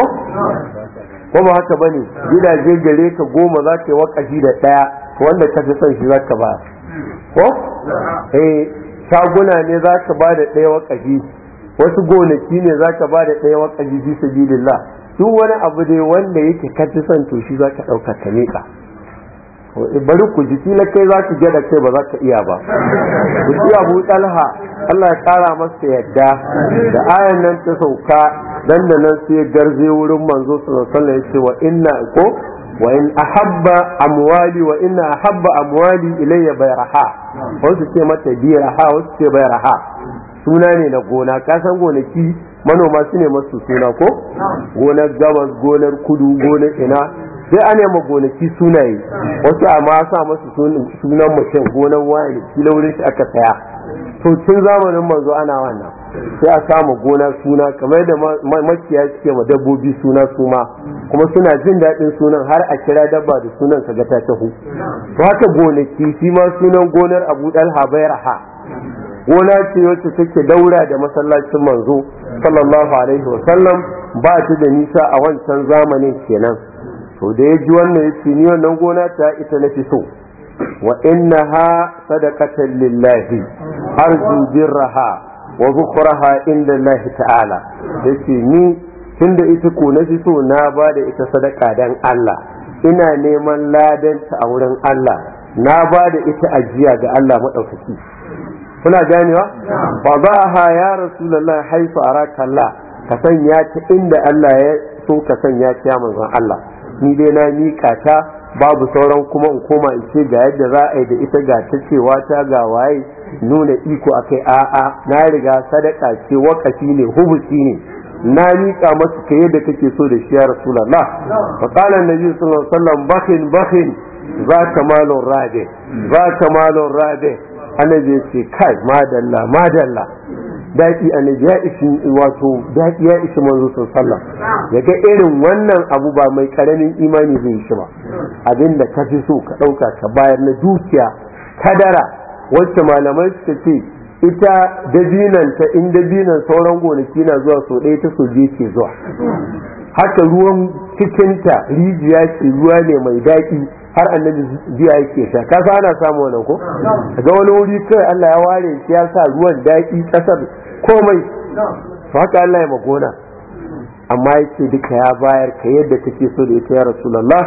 ko ba haka bane gidaje gare ka goma za ka yi wakashi da ɗaya wanda ka fi son shi za ka baya ko eh shaguna ne za ka ba da ɗaya wakashi wasu gonaki ne za ka ba da ɗaya wakashi fi sabilillah duk wani abu dai wanda yake ka fi son to shi za ka ɗauka ka miƙa bari ku ji kila kai za ki da kai ba za ka iya ba ku ji abu talha Allah ya kara masa yadda da ayan nan ta sauka dan da nan sai garze wurin manzo sallallahu alaihi wasallam yace wa inna ko wa in ahabba amwali wa inna ahabba amwali ilayya bayraha wasu ce mata biraha wasu ce bayraha suna ne na gona ka san gonaki manoma su ne masu suna ko gonar gabas gonar kudu gonar ina sai an yamma gonaki sunaye wasu ma sa masu sunan mutum gonan da shi wurin shi aka saya to tun zamanin manzo ana wannan sai a samu gona suna kamar da maciya suke ma dabbobi suna suma kuma suna jin daɗin sunan har a kira dabba da sunan ka ga ta taho to haka gonaki shi ma sunan gonar Abu Dalha Bayraha gona ce wacce take daura da masallacin manzo sallallahu alaihi wa ba ta da nisa a wancan zamanin kenan to da ya ji wannan yace ni wannan gona ta ita na fi so wa inna ha sadaqatan lillahi arju birraha wa zukhraha inda lillahi ta'ala yace ni tunda ita ko na fi so na ba da ita sadaka dan Allah ina neman ladanta a wurin Allah na ba da ita ajiya ga Allah madaukaki kuna ganewa ba a ha ya rasulullah haifu arakallah ka sanya ta inda Allah ya so ka sanya ta manzon Allah ni dai na mika ta babu sauran kuma in koma in ce ga yadda za a yi da ita ga ta cewa ta ga waye nuna iko a kai, a'a na riga sadaka ce wakafi ne hubusi ne na miƙa masa ka yadda take so da shi ya rasulallah fa qala annabi sallallahu alaihi wasallam bakhin bakhin za kamalun rabe za kamalun rabe annabi ce kai madalla madalla daɗi a ya ishi wato daɗi ya ishi manzo sallah ya ga irin wannan abu ba mai karamin imani zai shi ba Abinda da ka fi so ka ɗauka ka bayar na dukiya kadara wacce malamai suka ce ita dabinan ta in dabinan sauran gonaki na zuwa so ɗaya ta so biyu ke zuwa haka ruwan cikinta rijiya ce ruwa ne mai daɗi har annabi biya yake sha ka ana samu wannan ko ga wani wuri kai Allah ya ware shi ya sa ruwan daki kasar komai to haka Allah ya magona amma yace duka ya bayar ka yadda kake so da ita ya rasulullah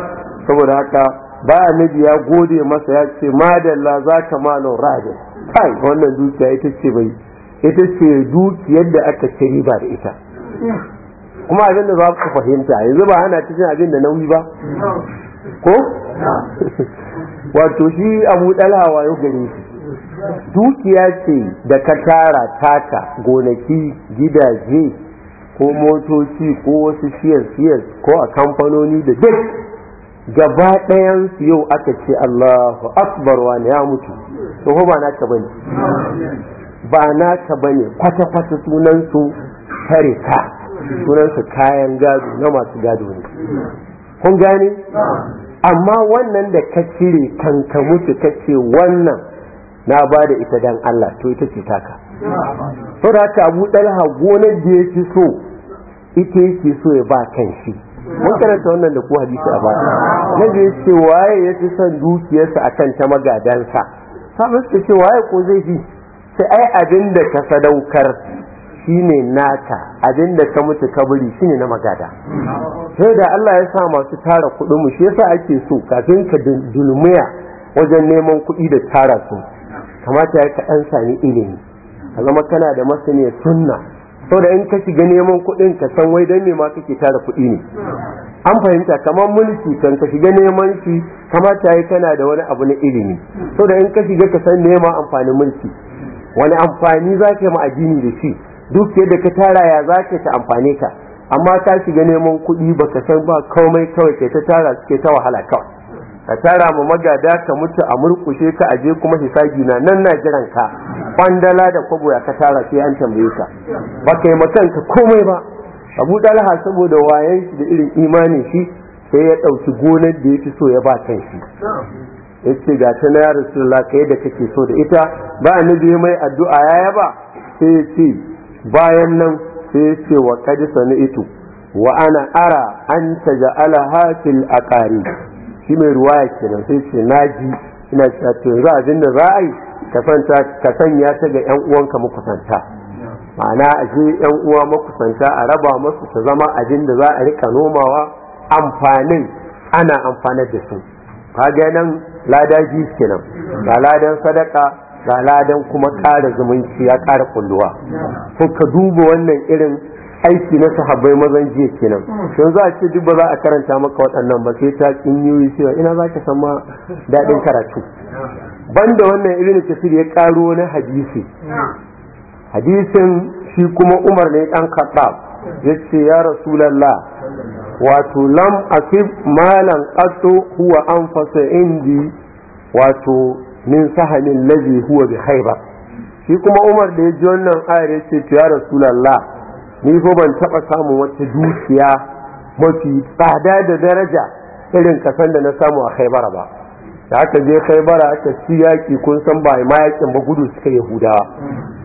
saboda haka ba annabi ya gode masa ya ce madalla zaka malon rabi kai wannan dukiya ita ce bai ita ce dukiyar da aka ci riba da ita kuma abin da za ku fahimta yanzu ba ana cikin abin da nauyi ba ko wato shi abu dalawa ya gare shi dukiya ce da ka tara taka gonaki gidaje ko motoci ko wasu siyar-siyar ko a kamfanoni da duk gaba ɗayan yau aka ce Allahu akbar wani ya mutu to ba naka bane ba naka bane kwata-kwata ka, sunan su kayan gado na masu gado ne kun gane amma wannan da ka cire kanka mutu ka ce wannan na ba da ita dan Allah to ita ce taka saboda haka abu ɗalha gonar da ya so ita yake so ya ba kan shi mun karanta wannan da ku hadisi a baya na da ce waye ya ci son dukiyarsa a kan ta magadansa sabon suka ce waye ko zai fi sai ai abin da ka sadaukar shine naka abin da ka mutu kaburi shine na magada sai da Allah ya sa masu tara kuɗin mu shi yasa ake so kafin ka dulmiya wajen neman kuɗi da tara su kamata ya ka ɗan sami ilimi ka zama kana da masaniyar sunna saboda in ka shiga neman kuɗin ka san wai dan ne ma kake tara kuɗi ne an fahimta kamar mulki kan ka shiga neman shi kamata yi kana da wani abu na ilimi so da in ka shiga ka san neman amfanin mulki wani amfani za ka yi ma addini da shi duk yadda ka tara ya za ka ta amfane ka amma ta shiga neman kuɗi ka san ba komai kawai kai ta tara suke ta wahala kawai ka tara ma magada ka mutu a murkushe ka aje kuma hisabi na nan na jiran ka bandala da kwabo ya ka tara sai an tambaye ka ba kai makan ka komai ba abu dalha saboda wayan shi da irin imanin shi sai ya ɗauki gonar da ya fi so ya ba kan shi yace ga ta na rasulullah kai da kake so da ita ba annabi mai addu'a ya yaba sai ya bayan nan sai ce wa qad ito wa ana ara an hafil a ƙari shi mai ruwaya kenan sai ce ji ina cewa to yanzu abin da za a yi ka sanya ta ga yan uwanka makusanta ma'ana a je yan uwa makusanta a raba masu ta zama abin da za a rika nomawa amfanin ana amfanar da su kaga nan lada ji kenan ga ladan sadaka ga ladan kuma ƙara zumunci ya ƙara kulluwa ko ka duba wannan irin aiki na sahabai mazan jiya kenan za a ce duk ba za a karanta maka waɗannan ba sai ta kinyoyi cewa ina za ka san ma daɗin karatu banda wannan irin da ya ƙaro na hadisi hadisin shi kuma umar ne ɗan kaɗa ya ce ya rasulallah wato lam asib malan qattu huwa an fasa indi wato min sahamin lazi huwa bi khaibar shi kuma umar da ya ji wannan ayar ya ce ya rasulallah ni ko ban taba samun wata dukiya mafi tsada da daraja irin kasan da na samu a khaibara ba da aka je khaibara aka ci yaki kun san ba ma yakin ba gudu suka yahudawa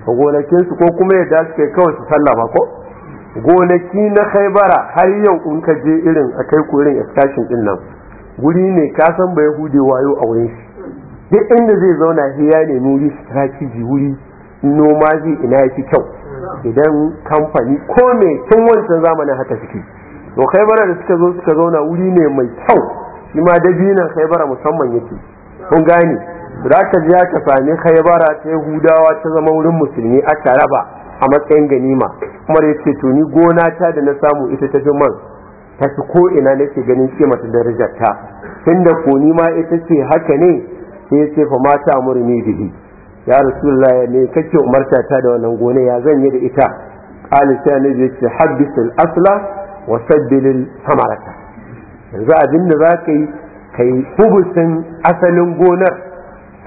a gonakin su ko kuma yadda suka kawai su sallah ba ko gonaki na khaibara har yau in ka je irin akai ko irin excursion din nan guri ne ka san ba yahudi wayo a wurin shi duk inda zai zauna shi ya nemi wuri strategy wuri noma zai ina ya kyau idan kamfani ko me tun wancan zamanin haka suke to khaibara da suka zo suka zauna wuri ne mai kyau shi ma dabinan khaibara musamman yake kun gane da aka je ka sami khaibara ta hudawa ta zama wurin musulmi a raba a matsayin ganima kuma ya ce to ni gona ta da na samu ita ta fi man ta fi ko ina nake ganin ce mata darajar ta da ko ni ma ita ce haka ne sai ce fa mata ni bihi ya rasulullah ya ne kake umarta ta da wannan gona ya zan yi da ita qali sai ne ya ce hadithul asla wa sabbil samarata yanzu abin da zaka yi kai hubusin asalin gonar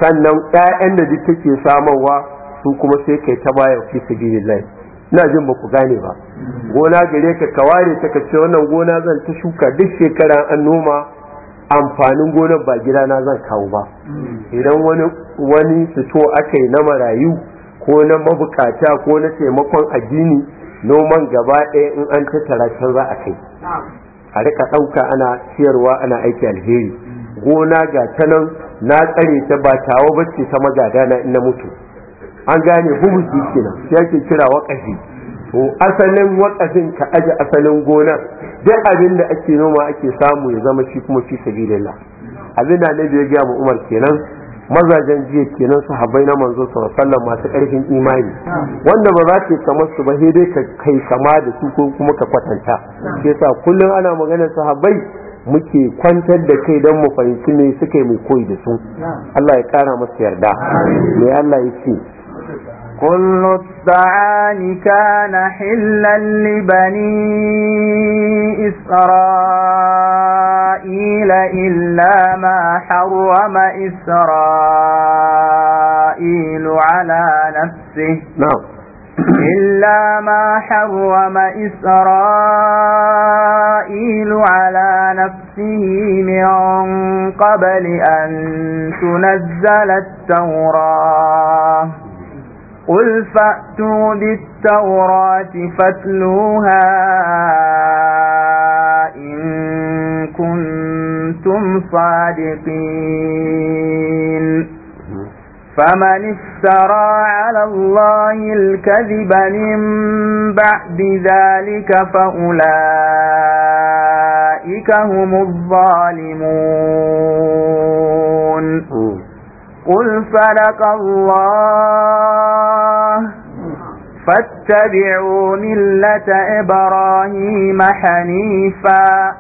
sannan ƴaƴan da duk take samarwa su kuma sai kai ta baya fi sabilillah ina jin ba ku gane ba gona gare ka ka ware ta ka ce wannan gona zan ta shuka duk shekara an noma amfanin gonar ba gida na zan kawo ba idan wani wani fito aka na marayu ko na mabukata ko na taimakon addini noman gaba ɗaya in an tattara can za a kai a rika ɗauka ana siyarwa ana aiki alheri gona ga ta na tsare ta ba tawa bacci ta magada na in na mutu an gane shi kenan sai ake kira waƙafi asalin wakasin ka aje asalin gona, duk abin da ake noma ake samu ya zama shi kuma fi sabilillah abin da annabi ya mu Umar kenan mazajen jiya kenan sahabbai na manzo sallallahu masu karfin imani wanda ba za ka kamar su ba dai ka kai kama da su ko kuma ka kwatanta shi yasa kullum ana maganar sahabbai muke kwantar da kai don mu fahimci ne suka yi mai koyi da su Allah ya kara masa yarda me Allah ya ce كل الطعام كان حلا لبني إسرائيل إلا ما حرم إسرائيل على نفسه نعم إلا ما حرم إسرائيل على نفسه من قبل أن تنزل التوراة قل فأتوا بالتوراة فاتلوها إن كنتم صادقين فمن افترى على الله الكذب من بعد ذلك فأولئك هم الظالمون قل فلق الله فاتبعوا ملة إبراهيم حنيفا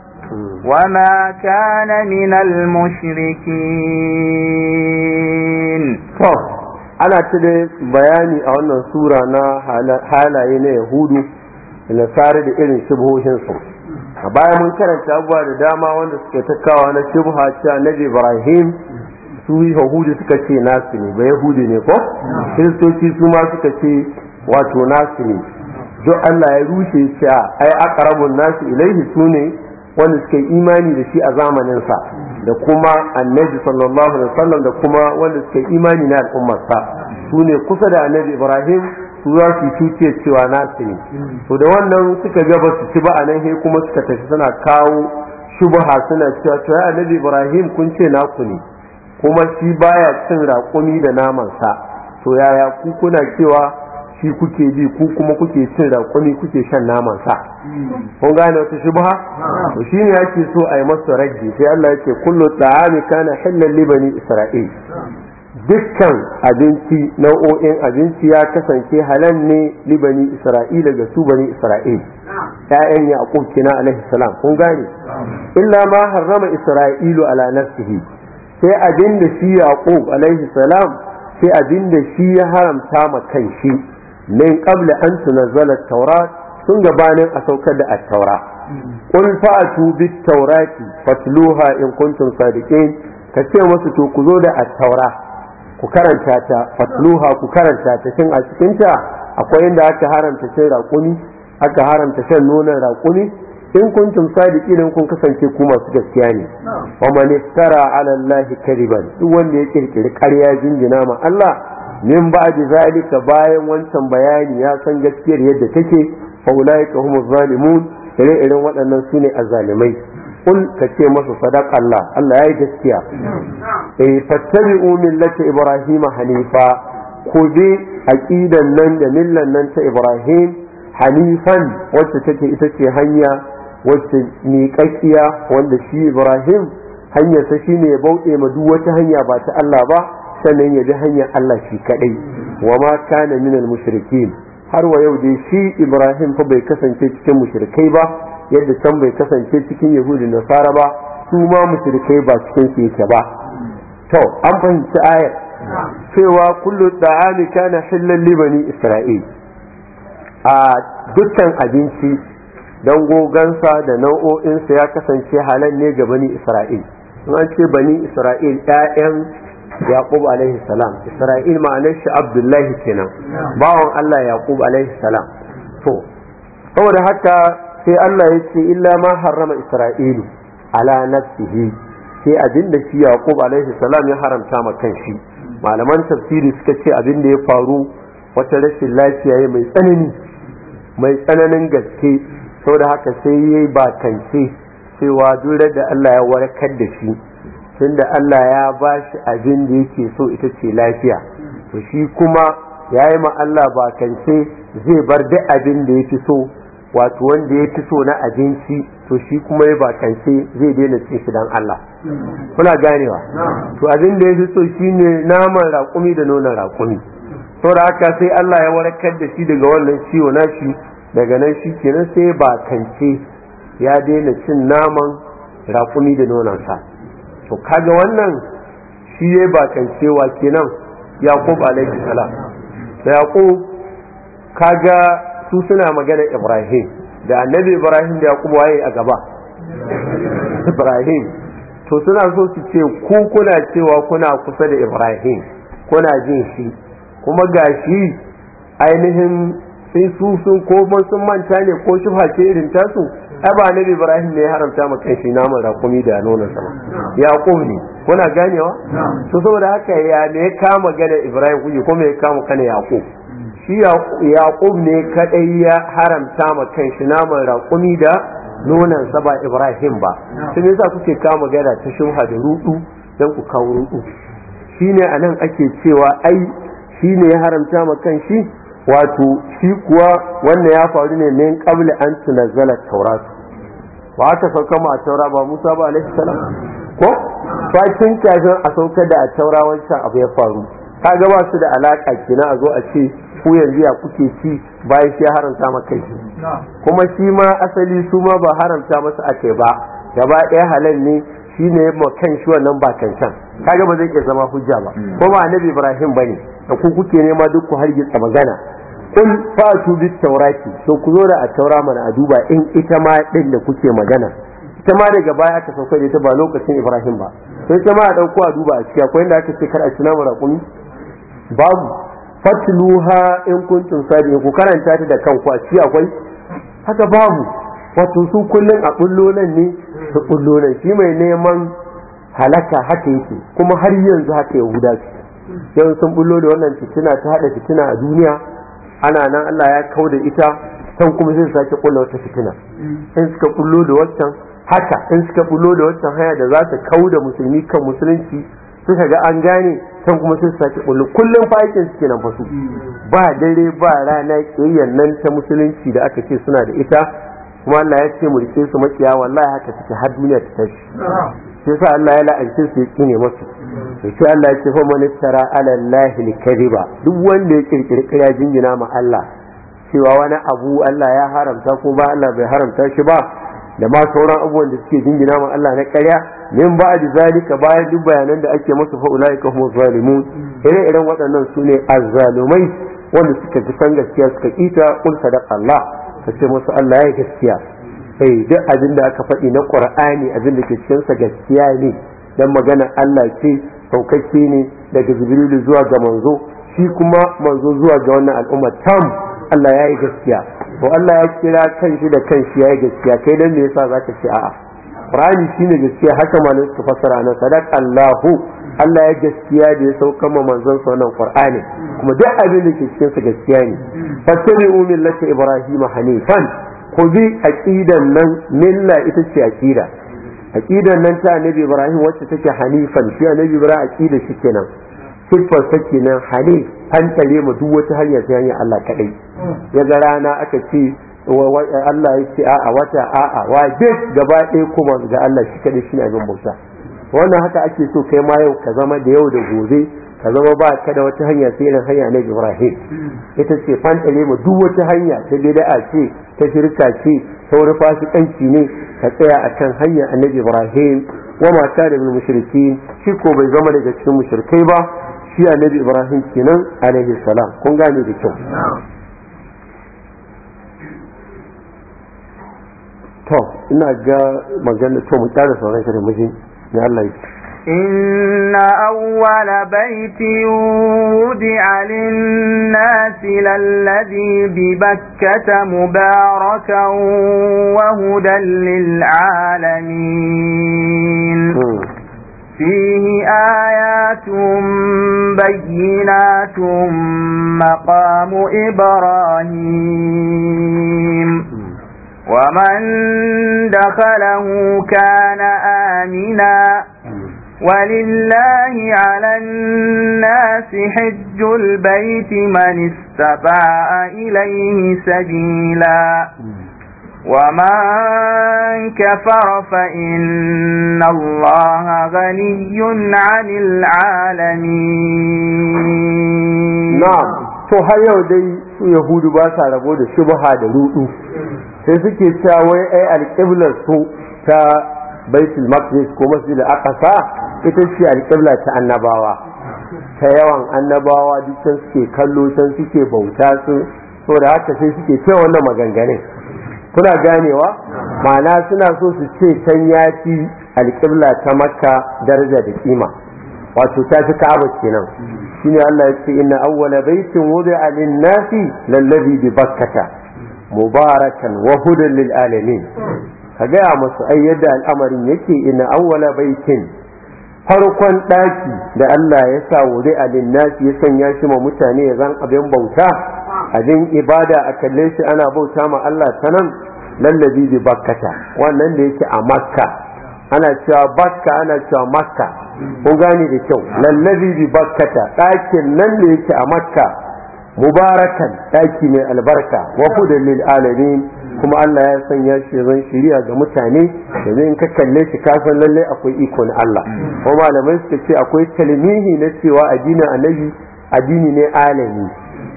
وما كان من المشركين أنا أتدي بياني أن سورة حالة إلى يهود إلى سارد إلى شبه هنصر أبايا من كانت أبوى لداما وانا سكتكا وانا شبه إبراهيم su yahudu suka ce nasu ne ba yahudi ne ko kiristoci su ma suka ce wato nasu ne Don Allah ya rushe shi a ai aqrabun nasu ilaihi su ne wanda suka yi imani da shi a zamaninsa, da kuma annabi sallallahu alaihi wasallam da kuma wanda suka yi imani na al'ummarsa su ne kusa da annabi Ibrahim su za su cuce cewa nasu ne to da wannan suka ga ba su ci ba nan he kuma suka tafi suna kawo shubha suna cewa to annabi Ibrahim kun ce naku ne kuma shi baya cin raƙumi da namansa to yaya ku kuna cewa shi kuke bi ku kuma kuke cin raƙumi kuke shan namansa kun gane wata ba to shine yake so a yi masa raggi sai Allah yake kullu ta'ami kana halal li bani isra'il dukkan abinci nau'o'in abinci ya kasance halal ne li bani isra'ila ga su bani isra'il ya'yan yaqub kina alaihi salam kun gane illa ma harrama isra'ilu ala nafsihi sai abin da shi yaqub alaihi salam sai abin da shi ya haramta ma kan shi min qabla an tunzala taurat sun gabanin a saukar da at-taura qul fa'tu bit-taurati fatluha in kuntum sadiqin kace musu to ku zo da at-taura ku karanta ta fatluha ku karanta ta shin a cikin ta akwai inda aka haramta cin raƙumi aka haramta shan nonon raƙumi in kuntum sadiqin kun kasance ku masu gaskiya ne wa man iftara ala Allah kadiban duk wanda ya kirkiri ƙarya jingina ma Allah min ba'di zalika bayan wancan bayani ya san gaskiyar yadda take fa ulaika humuz zalimun ire iren waɗannan sune azzalimai kun ka ce masu sadaka Allah Allah ya yi gaskiya eh fattabi'u millata ibrahima hanifa ku bi aqidan nan da millan nan ta ibrahim hanifan wacce take ita ce hanya wacce miƙaƙiya wanda shi ibrahim hanyarsa shine ya bauɗe ma duk wata hanya ba ta Allah ba sannan ya ji hanyar Allah shi kaɗai wa ma kana minal mushrikin har wa yau dai shi Ibrahim fa bai kasance cikin mushrikai ba yadda can bai kasance cikin Yahudi Nasara ba su ma mushrikai ba cikin su yake ba to an fahimci ayar cewa kullu da'ami kana hillal li bani Isra'il a dukkan abinci gogansa da nau'o'insa ya kasance halal ne ga bani Isra'il an ce bani isra'il ƴaƴan yaqub alaihi salam isra'il ma'anar shi abdullahi kenan bawan allah yaqub alaihi salam to saboda haka sai allah ya ce illa ma harrama isra'ilu ala nafsihi sai abin da shi yaqub alaihi salam ya haramta ma kanshi malaman tafsiri suka ce abin da ya faru wata rashin lafiya ya mai tsanani mai tsananin gaske saboda haka sai yayi bakance cewa dole da Allah ya warkar da shi tunda Allah ya ba shi abin da yake so ita ce lafiya to shi kuma ya yi ma Allah bakance zai bar duk abin da yake so wato wanda ya fi so na abinci to shi kuma ya bakance zai daina cin shi dan Allah kuna ganewa to abin da ya fi so shine naman raƙumi da nonon raƙumi saboda haka sai Allah ya warkar da shi daga wannan ciwo na shi daga nan shi kenan sai bakance ya daina cin naman raƙumi da nonansa to kaga wannan shi ya bakancewa kenan yaqub alaihi salam da yaqub kaga su suna magana ibrahim da annabi ibrahim da yaqub waye a gaba *laughs* ibrahim to suna so su ce ku kuna cewa kuna kusa da ibrahim kuna jin shi kuma gashi ainihin sai su sun ko sun manta ne ko shi ce irin tasu ai ba annabi ibrahim ne ya haramta ma shi naman rakumi da nonon sama ya ne kuna ganewa to saboda haka ya ne kama gane ibrahim kuje ko me kama kana yaqub shi yaqub ne kadai ya haramta ma kan shi naman rakumi da nonon sa ba ibrahim ba to me yasa kuke kama gana ta shuha da rudu dan ku kawo rudu shine anan ake cewa ai shine ya haramta ma kan shi wato shi kuwa wannan ya faru ne min qabla an tunazzala tauratu ba ta sauka ma taura ba Musa ba alaihi salam ko bakin kafin a sauka da a taura wancan abu ya faru kaga ba su da alaƙa kina a zo a ce ku yanzu ya kuke ci bayan shi haramta maka shi kuma shi ma asali su ma ba haramta masu ake ba gaba ɗaya halal ne shi ne ma kan shi wannan ba cancan kaga ba zai iya zama hujja ba hmm. ko ba annabi ibrahim bane da ku kuke nema duk ku hargitsa magana kun fatu bit taurati to ku zo da a taura mana a duba in ita ma din da kuke magana ita ma daga baya aka sauka da ita ba lokacin ibrahim ba sai ita ma a dauko a duba a ciki akwai inda aka ce kar a cina namu raƙumi babu fatluha in kuntum sadiqin ku karanta ta da kanku a ciki akwai haka babu wato su kullum a bullonan ne su bullonan shi mai neman halaka haka yake kuma har yanzu haka yahuda ce yau sun bullo da wannan fitina ta haɗa fitina a duniya ana nan Allah ya kau da ita san kuma zai sake kulla wata fitina in suka bullo da waccan haka in suka bullo da waccan haya da za ta kau da musulmi kan musulunci suka ga an gane can kuma sai su sake ɓullo. kullum fa aikin suke nan fasu ba dare ba rana kiyayyan nan ta musulunci da aka ce suna da ita kuma Allah ya ce mulke su makiya wallahi haka suke har duniya ta tashi shi yasa Allah ya la'ance su ya kine masu to shi Allah ya ce fa man tara ala Allah al-kadhiba duk wanda ya kirkiri kira jingina ma Allah cewa wani abu Allah ya haramta ko ba Allah bai haramta shi ba da ma sauran abubuwan da suke jingina ma Allah na karya? min ba da zalika bayan duk bayanan da ake masa fa ulaika humu zalimun ire-iren waɗannan su ne azzalumai wanda suka fi san gaskiya suka kita kul sadaqa Allah ka ce masu Allah ya gaskiya eh duk abin da aka faɗi na Qur'ani abin da ke cikin gaskiya ne dan magana Allah ce saukakke ne daga Jibrilu zuwa ga manzo shi kuma manzo zuwa ga wannan al'umma tam Allah ya yi gaskiya to Allah ya kira shi da shi ya yi gaskiya kai dan me yasa zaka ce a'a shi ne gaskiya haka malamai suka fassara na sadaq Allahu Allah ya gaskiya da ya sauka ma manzon sa wannan Qur'ani kuma duk abin da ke cikin su gaskiya ne fattabi'u lati ibrahim hanifan ku bi aqidan nan milla ita ce aqida aqidan nan ta annabi ibrahim wacce take hanifan shi annabi ibrahim aqida shi kenan siffar sake nan hanif tare mu duk wata hanya ta hanya Allah kadai ya ga rana aka ce Allah ya ce a'a wata a'a waje gaba ɗaya kuma ga Allah shi kadai shi ne abin bauta wannan haka ake so kai ma yau ka zama da yau da gobe ka zama ba ka da wata hanya sai irin hanya na Ibrahim hmm. ita ce fan mu duk wata hanya ta bid'a ce ta shirka ce ta wani fasikanci ne ka tsaya akan hanya annabi Ibrahim wa ma da min mushrikin shi ko bai zama daga cikin mushrikai ba shi annabi Ibrahim kenan alaihi salam kun gane da kyau to ina ga magana to mu tsara sauran shirin miji ne Allah ya إن أول بيت ودع للناس للذي ببكة مباركا وهدى للعالمين فيه آيات بينات مقام إبراهيم ومن دخله كان آمناً ولله على الناس حج البيت من استطاع إليه سبيلا ومن كفر فإن الله غني عن العالمين نعم to har yau dai su yahudu basa sa rabo da shubha da rudu sai suke cewa wai ai alƙiblar ta baitul maqdis ko masjid al-aqsa ita ce alƙibla ta annabawa ta yawan annabawa duk suke kallo can suke bauta su da haka sai suke ce wannan maganganun kuna ganewa ma'ana suna so su ce can yaci ci alƙibla ta makka daraja da kima wato ta fi ka'aba kenan shine Allah ya ce inna awwala baitin wudi'a lin-nasi lallazi bi bakkata mubarakan wa hudan lil alamin ka gaya masu ai yadda al'amarin yake ina awwala baitin farkon daki da Allah ya sa wuri a linnasi ya sanya shi ma mutane ya zan abin bauta abin ibada a kalle shi ana bauta ma Allah ta nan lallabi bi bakkata wannan da yake a makka ana cewa bakka ana cewa makka kun gane da kyau lallabi bi bakkata dakin nan da yake a makka mubarakan ɗaki mai albarka wa lil alamin kuma Allah ya san ya shi zan shiriya ga mutane da in ka kalle shi ka san lalle akwai iko na Allah ko malamai suka ce akwai talmihi na cewa addinin annabi addini ne alami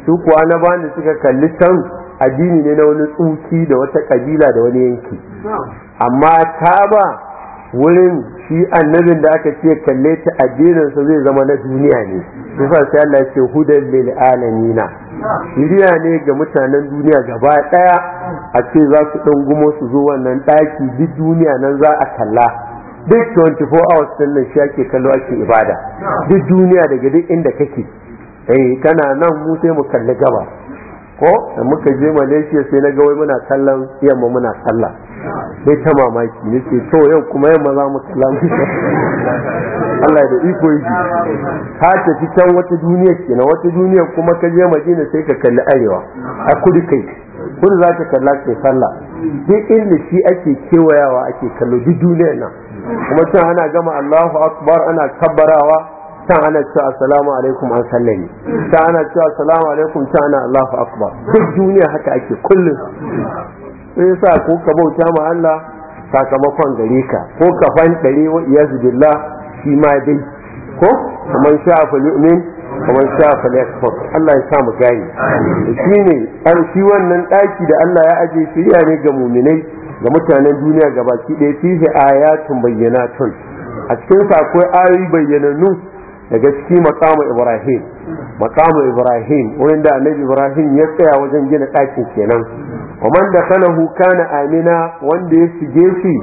su kuwa na bani suka kalli can addini ne na wani tsuki da wata kabila da wani yanki amma ta ba wurin shi annabin da aka ce kalle ta sa zai zama na duniya ne sai Allah ya ce hudan lil alamina miliya ne ga mutanen duniya gaba daya a ce za su gumo su zo wannan ɗaki duk duniya nan za a kalla duk 24 hours din nan shi ake kallo ake ibada duk duniya daga duk inda kake eh kana nan mu sai mu kalli gaba ko da muka je malaysia sai na wai muna kallon yamma muna sallah sai ta mamaki ne ce to yau kuma yamma za mu kalla Allah da iko yi ka tafi can wata duniya ke na wata duniya kuma ka je madina sai ka kalli arewa a kudu kai kudu za ka kalla ke sallah duk inda shi ake kewayawa ake kallo duk duniyar nan kuma can ana gama Allahu akbar ana kabbarawa can ana cewa assalamu alaikum an sallame can ana cewa assalamu alaikum can ana Allahu akbar duk duniya haka ake kullum sai sa ko ka bauta ma Allah sakamakon gare ka ko ka fan dare wa iyazu billah shi ma dai ko kamar shafa lu'min kamar shafa yakfur Allah ya sa mu gani ne an shi wannan daki da Allah ya aje shi ya ne ga mu'minai ga mutanen duniya gabaki ɗaya fi ayatun bayyanatun a cikin sa akwai ayoyi bayyanannu daga ciki maqamu ibrahim maqamu ibrahim wurin da annabi ibrahim ya tsaya wajen gina ɗakin kenan wa man dakhalahu kana amina wanda ya shige shi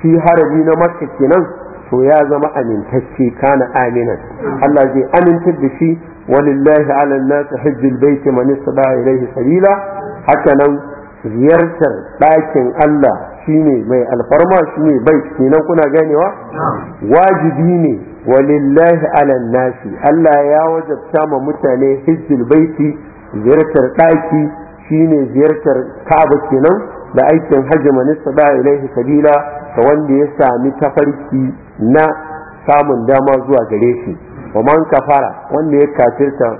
shi harabi na makka kenan to ya zama amintacce kana aminan Allah zai amintar da shi walillahi ala nasa, nas hajjul baiti man istata ilayhi sabila haka nan ziyartar ɗakin Allah shine mai alfarma shine bai kenan kuna ganewa wajibi ne walillahi ala nasi Allah ya wajabta ma mutane hijjul baiti ziyartar daki shine ziyartar Ka'aba kenan da aikin hajji man istada ilaihi sabila ka wanda ya sami tafarki na samun dama zuwa gare shi wa man kafara wanda ya kafirta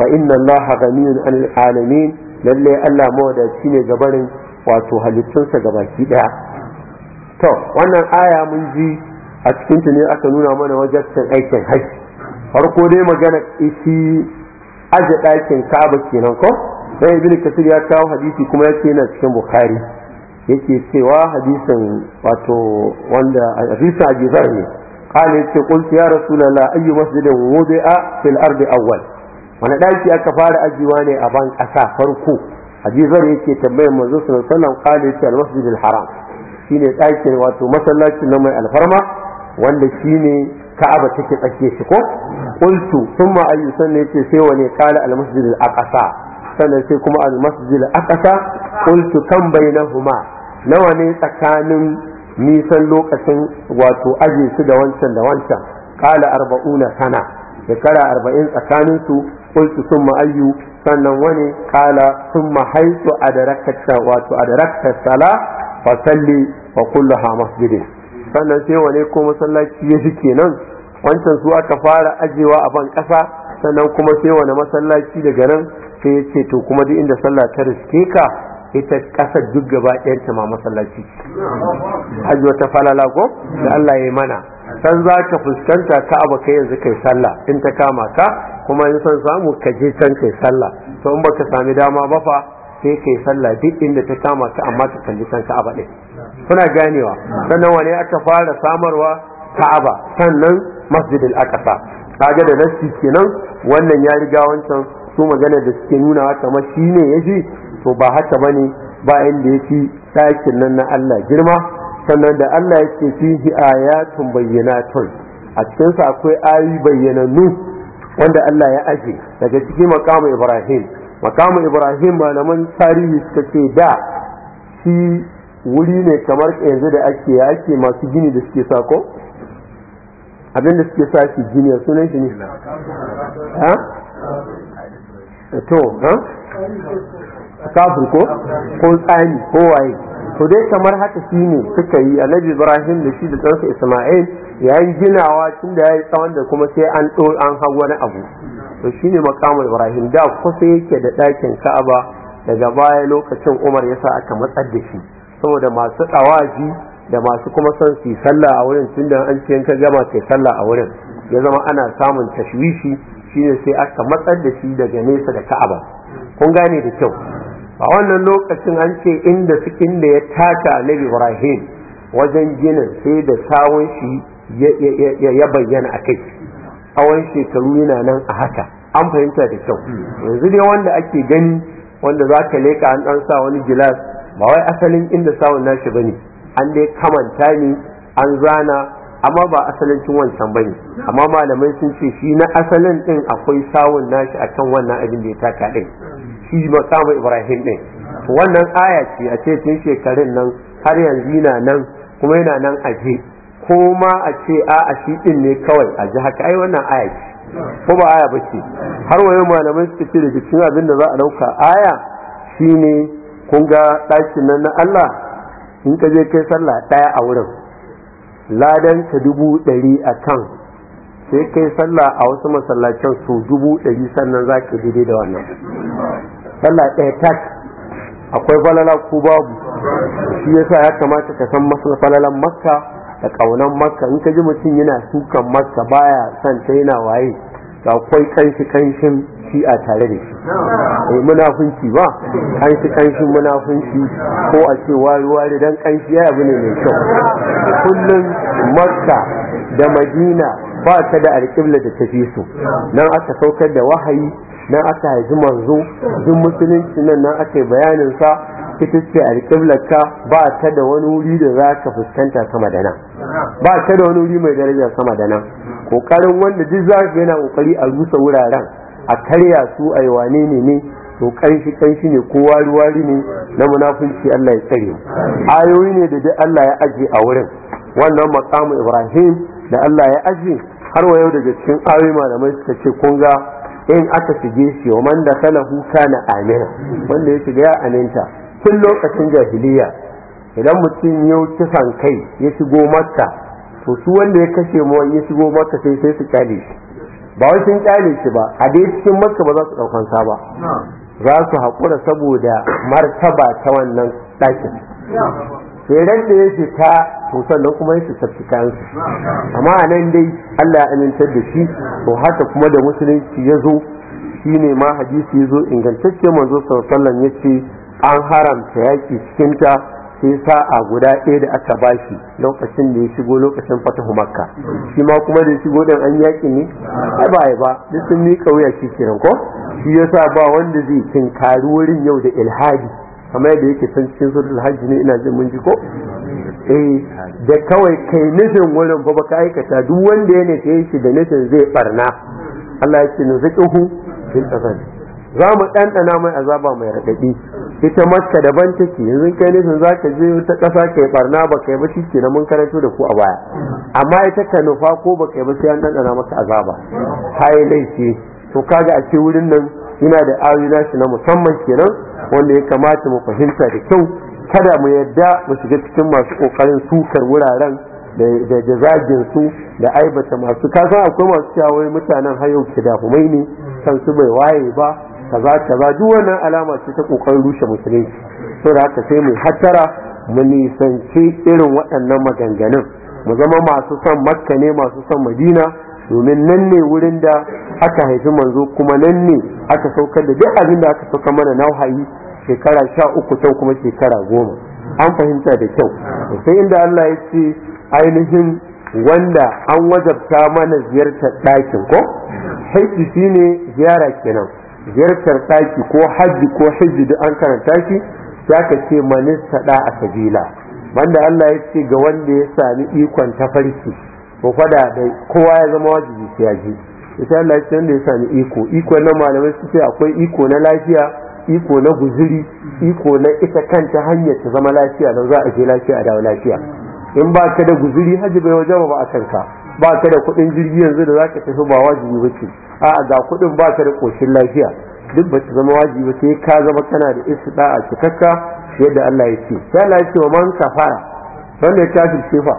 fa inna Allah ghaniyun anil alamin lalle Allah mawadaci ne gabarin wato halittunsa gabaki daya to wannan aya mun ji a cikin ne aka nuna mana wajen aikin hajji farko dai magana ishi aje ɗakin ka'aba kenan ko sai ibn kasir ya kawo hadisi kuma yake yana cikin bukhari yake cewa hadisin wato wanda hadisin ajizar ne qala yace qultu ya rasulullah ayyu masjidin wudi'a fil ardi awwal wani ɗaki aka fara ajiwa ne a ban ƙasa farko ajizar yake tambayar manzo sallallahu alaihi wasallam qala yace al masjidil haram shine ɗakin wato masallacin na mai alfarma wanda shi ne ka'aba take tsakiyar shi ko qultu thumma ayyu sannan yace sai wani kala al masjid al aqsa sannan sai kuma al masjid al aqsa qultu kan bainahuma nawa ne tsakanin nisan lokacin wato aje su da wancan da wancan kala arba'una sana shekara arba'in tsakanin su sun thumma ayyu sannan wani qala thumma haythu adarakta wato adarakta sala fa salli wa kulluha masjidin sannan sai wane ko masallaci ya shike nan wancan su aka fara ajewa a ban ƙasa sannan kuma sai wane masallaci daga nan sai ya ce to kuma duk inda sallah ta riske ka ita ƙasar duk gaba ta ma masallaci hajji wata falala ko da Allah ya yi mana san za ka fuskanta abu kai yanzu kai sallah in ta kama ka kuma in san samu ka je can kai sallah to in baka sami dama ba fa sai kai sallah duk inda ta kama ka amma ka kalli can ka'aba ɗaya. kuna ganewa sannan wane aka fara samarwa ka'aba sannan masjidil aqsa kaga da nassi kenan wannan ya riga wancan su magana da suke nuna kamar shine yaji to ba haka bane bayan da yake ɗakin nan na Allah girma sannan da Allah yake fihi ayatun bayyanatun a cikin sa akwai ayi bayyananu wanda Allah ya aje daga cikin makamu Ibrahim makamu Ibrahim malaman tarihi suka ce da shi wuri ne kamar yanzu da ake yake masu gini da suke sako abin da suke sake gini a sunan shi ne ha? to ha? kafin ko? ko tsani ko waye to dai kamar haka shi ne suka yi annabi ibrahim da shi da ɗansa isma'il yayin ginawa tun da ya yi tsawon da kuma sai an ɗo an hau wani abu to shi ne makamar ibrahim da kusa yake da ɗakin ka'aba daga baya lokacin umar ya sa aka matsar da shi saboda masu tsawaji da masu kuma son su sallah a wurin tun da an ce ta gama kai sallah a wurin ya zama ana samun tashwishi shine sai aka matsar da shi daga nesa da ka'aba kun gane da kyau a wannan lokacin an ce inda su inda ya tata annabi ibrahim wajen ginin sai da sawun shi ya bayyana a kai tsawon shekaru yana nan a haka an fahimta da kyau yanzu dai wanda ake gani wanda za ka leka an ɗan sa wani gilas ba wai asalin inda sawun nashi bane an dai kamanta ne an zana amma ba asalin cin wancan bane amma malamai sun ce shi na asalin din akwai sawun nashi a kan wannan abin da ya taka din shi makamu ibrahim din wannan aya ce a ce tun shekarun nan har yanzu yana nan kuma yana nan aje ko ma a ce a a shi din ne kawai a ji haka ai wannan aya ce ko ba aya ba ce har wayo malamai suka ce da cikin abin da za a ɗauka aya shine kun ga ɗakin nan na Allah in ka je kai sallah ɗaya a wurin ladan ka dubu ɗari a can sai kai sallah a wasu masallacin su dubu ɗari sannan za ka da wannan sallah ɗaya tak akwai falala ko babu shi yasa ya kamata ka san falalan makka da ƙaunan makka in ka ji mutum yana sukan makka baya san ta yana waye ga akwai kanshi kanshin a tare da shi mai eh, munafunci ba kanshi kanshin munafunci ko a ce wari wari dan kanshi ya abu ne mai kyau kullum makka da madina ba ta da alƙibla da tafi su nan aka saukar da wahayi nan aka haifi manzo duk musulunci nan nan aka yi bayanin sa ita ce alƙiblarka ba ta da wani wuri da za ka fuskanta sama da nan ba ta da wani wuri mai daraja sama da nan kokarin wanda duk za ka yana kokari a rusa wuraren a karya su a wane ne ne to kanshi kanshi ne ko wari wari ne na munafunci Allah ya tsare mu ayoyi ne da duk Allah ya aje a wurin wannan maqamu Ibrahim da Allah ya aje har wa yau daga cikin ayoyi malamai suka ce kun ga in aka shige shi wa man dakhalahu kana amina wanda ya shiga ya aminta tun lokacin jahiliya idan mutum yau kisan kai ya shigo makka to su wanda ya kashe mu ya shigo maka sai sai su kyale shi ba wai sun kyale shi ba a dai cikin maka ba za su daukan ba za su haƙura saboda martaba ta wannan ɗakin sai ran da ya fita to sannan kuma ya tafi kayan su amma a nan dai Allah ya amintar da shi to haka kuma da musulunci ya zo ne ma hadisi ya zo ingantacce manzo sallallahu alaihi wasallam ce an haramta yaki cikin ta sai sa'a guda ɗaya da aka ba shi lokacin da ya shigo lokacin fatahu makka shi ma kuma da shigo ɗin an yaƙi ne ai ba ba duk sun miƙa wuya shi kiran ko shi yasa ba wanda zai tinkari wurin yau da ilhadi kamar yadda yake san cikin sun haji ne ina jin mun ko eh da kawai kai nufin wurin ba baka aikata duk wanda ya ne ta shi da nufin zai barna Allah ya ce hu fil azab za mu ɗanɗana mai azaba mai raɗaɗi ita maka daban take yanzu kai nufin za ka je ta ƙasa ka yi barna ba yi ba shi na mun karanto da ku a baya amma ita ka nufa ko ba yi ba sai an ɗanɗana maka azaba hayi laifi to kaga a ce wurin nan yana da na shi na musamman kenan wanda ya kamata mu fahimta da kyau kada mu yadda mu shiga cikin masu ƙoƙarin sukar wuraren da jazagin su da aibata masu kasan akwai masu cewa mutanen hayo kidahumai ne kan su bai waye ba kaza kaza duk wannan alama ce ta kokarin rushe musulunci da haka sai mu hattara mu nisanci irin waɗannan maganganun mu zama masu son makka ne masu son madina domin nan ne wurin da aka haifi manzo kuma nan ne aka saukar da duk abin da aka sauka mana nauhayi shekara sha uku ta kuma shekara goma an fahimta da kyau sai inda Allah ya ce ainihin wanda an wajabta mana ziyartar ɗakin ko haiti ne ziyara kenan ziyartar ɗaki ko hajji ko hijji duk an karanta shi ya ka ce manista da a sabila wanda Allah ya ce ga wanda ya sami ikon tafarki ko fada da kowa ya zama wajibi sai ya ji ita Allah ya ce wanda ya sami iko iko na malamai su ce akwai iko na lafiya iko na guzuri iko na ita kanta hanyar ta zama lafiya don za a je lafiya a dawo lafiya in ba ka da guziri, hajji bai wajen ba a kanka ba ka da kuɗin jirgi yanzu da za ka tafi ba wajibi ba ce a'a ga kuɗin ba ka da ƙoshin lafiya duk ba ta zama wajibi ba ce, ka zama kana da da a cikakka yadda Allah ya ce sai Allah ya ce wa man kafara wanda ya ce fa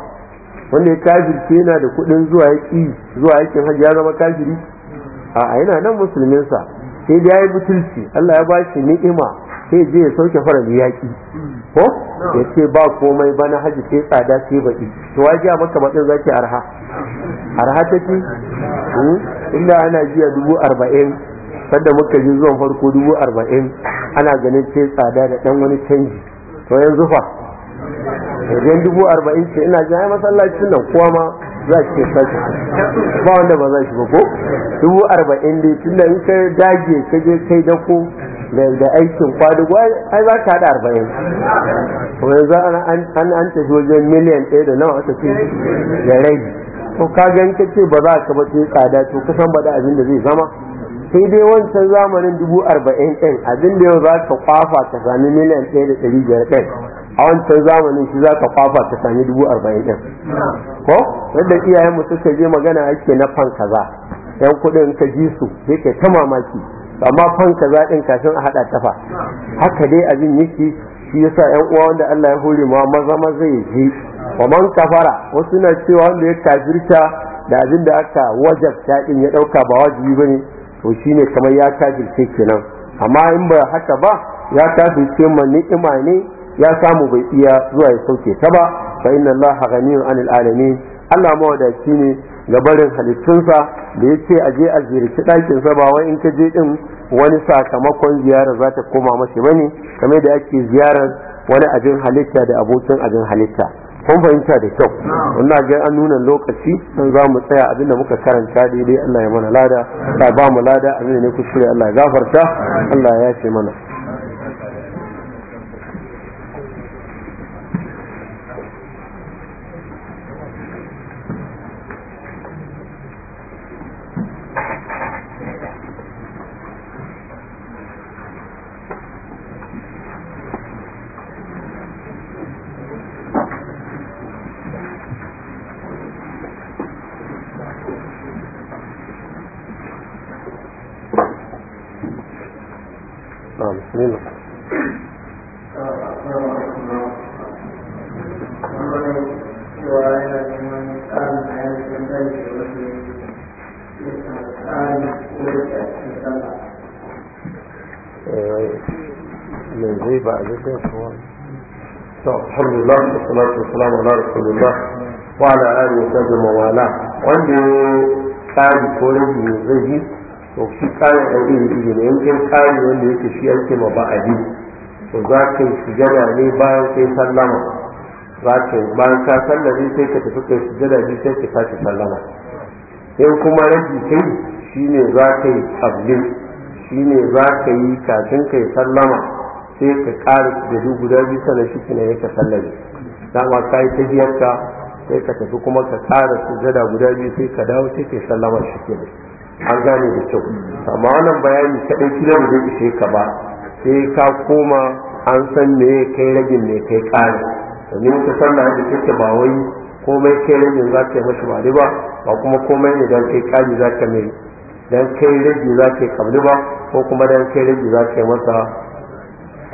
wanda ya ce yana da kuɗin zuwa yaƙi zuwa yaƙin hajji ya zama kafiri a'a yana nan musulminsa sai da ya yi butulci Allah ya ba shi ni'ima sai je ya sauke farali yaƙi ko mm. ya ce ba komai bana haji sai tsada sai baɗi to wa ji a maka baɗin za ki arha arha ta ce hmm? inda ana jiya dubu arba'in sanda muka ji zuwan farko dubu arba'in ana ganin sai tsada da ɗan wani canji to yanzu fa idan dubu arba'in ce ina jin ai masallacin nan kowa ma za ke sashi ba wanda ba za shi ba ko dubu arba'in dai tun da in ka dage ka je kai dako da aikin kwadugo ai za ka haɗa arba'in za an an tafi wajen miliyan ɗaya da nawa aka ce da rai to ka gan ka ce ba za ka ba tsada to kusan ba da abin da zai zama sai dai wancan zamanin dubu arba'in ɗin abin da yau za ka kwafa ka sami miliyan ɗaya da ɗari biyar ɗin a wancan zamanin shi za ka kwafa ta sami dubu arba'in ɗin ko yadda iyayenmu suka je magana ake na fan kaza yan kuɗin ka ji su sai ka ta mamaki amma fan kaza ɗin kafin a haɗa tafa haka dai abin yake shi yasa yan uwa wanda Allah ya hore ma maza maza ya je wa man kafara wasu na cewa wanda ya kafirta da abin da aka wajabta ɗin ya ɗauka ba wajibi ba ne. to ne kamar ya kafirce kenan amma in ba haka ba ya kafirce ma ni'ima ne ya samu bai iya zuwa ya sauke ta ba fa inna Allah ghaniyun anil alamin Allah mawadaci ne ga barin halittunsa da ya ce je a ziyarci ɗakin sa ba wai in ka je din wani sakamakon ziyara za ta koma mashi bane kamar da ake ziyarar wani abin halitta da abokin ajin halitta kun fahimta da kyau wannan ga an nuna lokaci don za mu tsaya abin da muka karanta daidai Allah ya mana lada ba mu lada abin da ne kuskure Allah ya gafarta Allah ya ce mana والسلام على رسول الله وعلى آله وصحبه وموالاه wanda kari ko من ne zai ji to shi kari ɗan iri iri ne in kin kari wanda yake shi ake ma ba'adi to za ka yi sujada ne bayan kai sallama za ka bayan ka sallame sai ka tafi kai sujada ne ka kuma shine za ka yi kafin ka yi sallama sai ka ƙara da guda biyu sannan shi ne ya ka dama ka yi tafiyarka sai ka tafi kuma ka ƙara sujada guda biyu sai ka dawo sai ka sallama shi ke an gane da kyau amma wannan bayani kaɗai da ba zai ishe ka ba sai ka koma an san me kai ragin me kai kare domin ka san da kake ba wai komai kai ragin za ka yi mashi ba ba ba kuma komai ne don kai kare za ka mai dan kai ragin za ka yi kabli ba ko kuma dan kai ragin za ka yi masa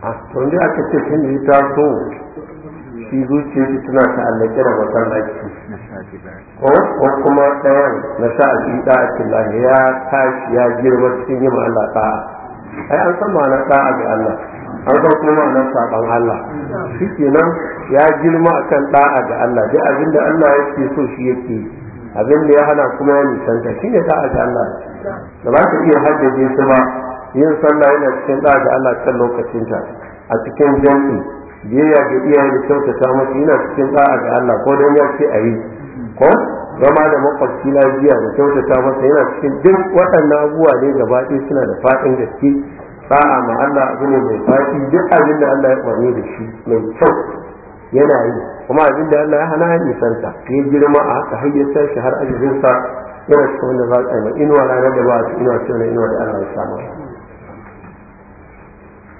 a ah, tsoron da aka ce sun yi taso shi zuciya shi tana ta'allake da masallaci ko kuma ɗayan na a sha'afi ɗa'akin lahi ya tashi ya girma cikin yin Allah ta'a ai an san ta a ga Allah an san kuma ma'anar saɓan Allah shi kenan ya girma a akan ɗa'a ga Allah duk abin da Allah yake so shi yake abin da ya hana kuma ya nisanta shi ne ta'a ga Allah da ba ka iya haddace su ba yin sallah yana cikin da ga Allah kan lokacinta a cikin jam'i biyayya ga iyaye da kyautata masa yana cikin da ga Allah ko dan ya ce a yi ko zama da makwabci lafiya da kyautata masa yana cikin duk waɗannan abubuwa ne gaba ɗaya suna da faɗin gaske sa'a ma Allah abu ne mai faɗi duk abin da Allah ya ƙwarni da shi mai kyau yana yi kuma abin da Allah ya hana ya nisanta ya girma a haka hayyatar shi tashi har ajibinsa yana cikin wanda za a yi inuwa ranar da ba a inuwa ce inuwa da Allah ya samu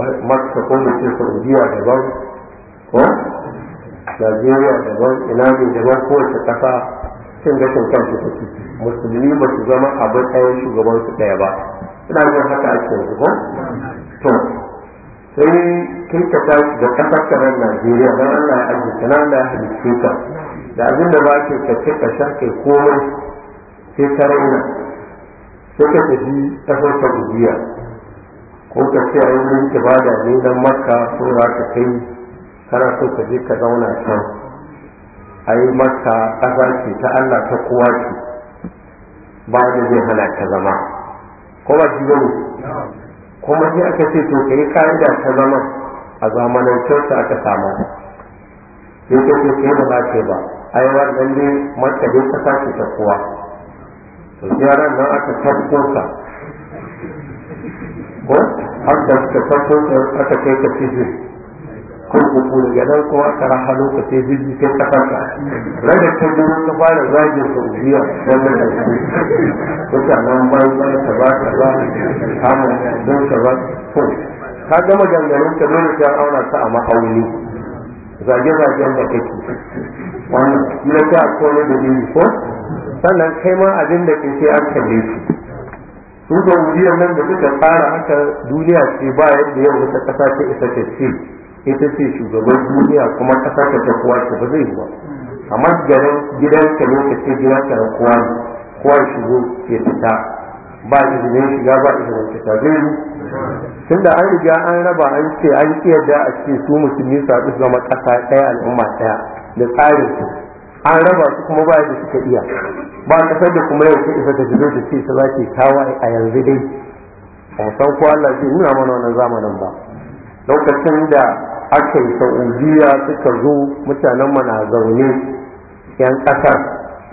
makka ko mu ce saudiya daban ko najeriya daban ina ne ko kowace ƙasa cin gashin kansu take musulmi ba su zama a matsayin shugaban su ɗaya ba ina yin haka a cikin ko to sai kai ka ta da ƙasar ka nan najeriya don allah ya ajiye nan da ya halicce ka da abin da ba ke ka ce ka sha kai komai sai ka raina sai ka tafi ƙasar saudiya ko ka ce a yi wurin ba da don makka sun za ka kai kana so ka je ka zauna can a yi makka ƙasa ce ta allah ta kowa ce ba da zai hana ta zama ko ba ki gani kuma sai aka ce to ka yi ka'ida ta zama a zamanin kyauta aka samu sai ka ce yi ba za ka ba ai wannan ne makka dai ta sashi ta kowa to sai ran nan aka tabbata ka ko har da suka taso aka kai ka tijin kurkuku daga nan kuma aka raha lokaci jirgi kai kafarka rage ta gurin ka da zagin saudiya wannan da su mutanen bayan bayan ta ba ta ba kama don ta ba to ka gama gangarin ka dole ta auna ta a ma'auni zage-zagen da kake wannan kila ta akwai da ko sannan kai ma abin da ke sai an kalle shi su saudiyar nan da suka tsara haka duniya ce ba yadda yau wata ƙasa ta isa ta ce ita ce shugaban duniya kuma ƙasa ta ta kuwa ce ba zai ba amma gidan gidanka lokaci gidanka na kuwa shigo ke fita ba izinin shiga ba izinin fita zai yi da an riga an raba an ce an ce yadda a ce su musulmi su haɗu zama ƙasa ɗaya al'umma ɗaya da tsarin su an raba su kuma ba da suka iya ba a kasar da kuma yau ta isa ta fito da ce ta zaki tawaye a yanzu dai a san ko Allah zai nuna mana wannan zamanin ba lokacin da aka yi saudiya suka zo mutanen mana zaune yan kasar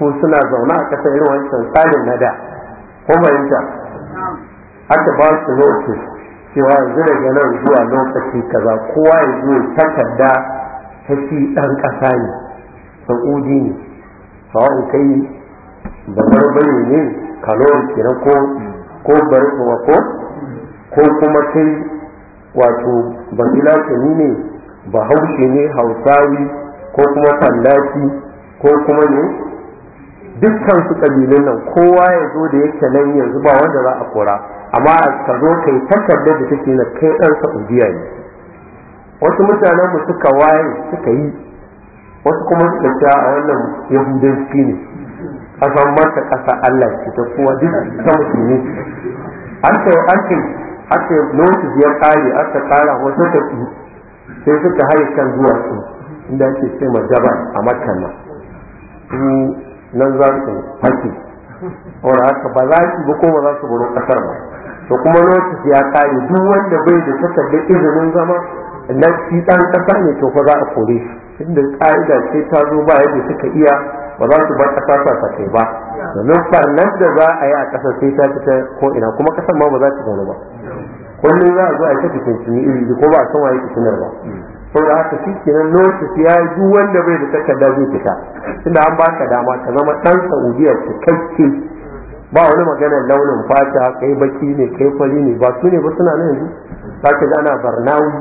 ko suna zaune a kasar irin wancan tsarin na da ko fahimta aka ba su notice cewa yanzu daga nan zuwa lokaci kaza kowa ya zo takarda ta shi dan ƙasa ne saudi ne in kai da barbari ne kalori kira ko ko ko ko kuma kai wato bakilatani ne bahaushe ne hausawi ko kuma fallaki ko kuma ne dukkan su kabilun nan kowa ya zo da yake nan yanzu ba wanda za a kora amma ka zo kai takardar da take na kai ɗansa saudiya ne wasu mutanen mu suka waye suka yi wasu kuma suka ce a wannan yahudanci ne kasan mata kasa Allah ce ta kowa duk ta musulmi an ce an ce an lokaci ya kare an ta kara wasu sai suka haye zuwa su inda ake ce a makka nan nan za su fake wani ba za su ba kuma za su baro kasar ba to kuma lokaci ya kare duk wanda bai da takardar izinin zama na shi ne to fa za a kore shi inda ka'ida ce ta zo ba yadda suka iya ba za su bar ƙasa sa kai ba domin farnar da za a yi a ƙasar sai ta fita ko ina kuma ƙasar ma ba za ta zaune ba kullum za a zo a ta fitin tuni iri ko ba a san waye fitinar ba saboda haka shi nan lokaci ya yi wanda bai da takarda zai fita tunda an baka dama ka zama ɗan saudiya cikakke ba wani magana launin fata kai baki ne kai fari ne ba su ne ba suna nan yanzu za ka ji barnawi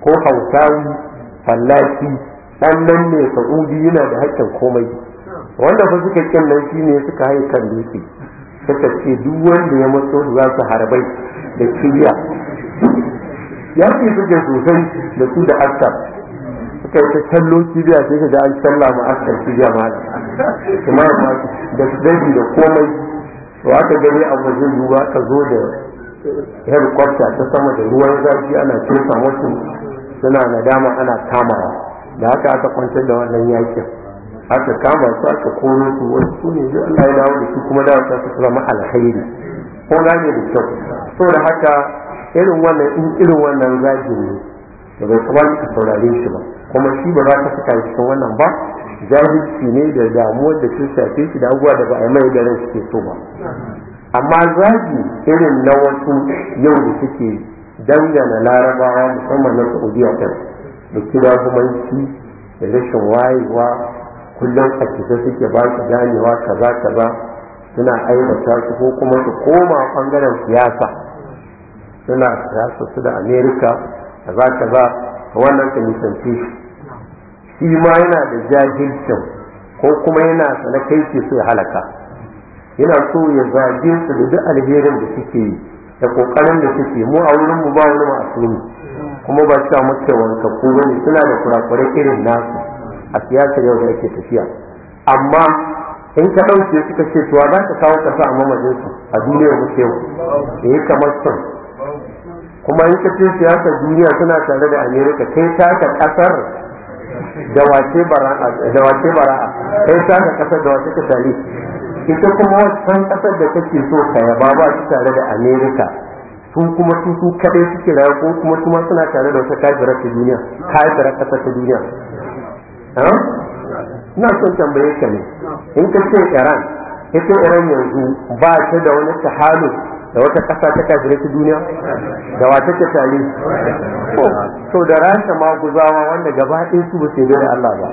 ko hausawi fallaki ɗannan ne sa'udi yana da haƙƙin komai wanda fa suka kin nan ne suka haye kan dutse suka ce duk wanda ya su za su harbai da kiriya ya ce suke sosai da su da aska, suka yi ta tallo kiriya sai ka ga an ma askar kiriya ma kuma da zai da komai to aka gani abu zai yiwu aka zo da helicopter ta sama da ruwan zafi ana tosa musu suna nadama ana kamawa da haka aka kwantar da wannan yakin aka kama su aka kono su wani su ne Allah ya dawo da su kuma da su su zama alkhairi ko gane da kyau So da haka irin wannan in irin wannan zagin ne da bai kamata ka saurare shi ba kuma shi ba za ka saka cikin wannan ba zahirci ne da damuwar da ke shafe shi da abubuwa da ba a mai garin suke so ba amma zagi irin na wasu yau da suke dangana larabawa musamman na saudiya kan da kira kirafumanci da rashin wayewa kullum a kisa suke ba su ganewa kaza kaza suna aibata su ko kuma su koma ɓangaren siyasa suna siyasa su da amerika kaza kaza wannan ka nisanci shi shi ma yana da jahilcin ko kuma yana sana kai ce sai halaka yana so ya zage su da duk alherin da suke yi da kokarin da suke mu a wurin mu ba wani ma'asumi kuma ba cewa muke wanka ku bane suna da kurakurai irin nasu a siyasar yau da ake tafiya amma in ka ɗauke suka ce to za ka kawo kasa a mamajinsu, a duniyar mu yau da ya kamar son kuma in ka ce siyasar duniya suna tare da amerika kai ta ka kasar da wace bara'a kai ta ka kasar da wace ka ita kuma wancan kasar da kake so ka yaba ba su tare da Amerika, sun kuma su su kadai suke rayu ko kuma kuma suna tare da wata kafirar ta duniya kafirar kasar ta duniya ina son tambaye ka ne in ka ce iran ita iran yanzu ba ta da wani tahalu da wata ƙasa ta kafirai ta duniya da wata ta tare to da rasha ma guzawa wanda gaba ɗaya su ba su da Allah ba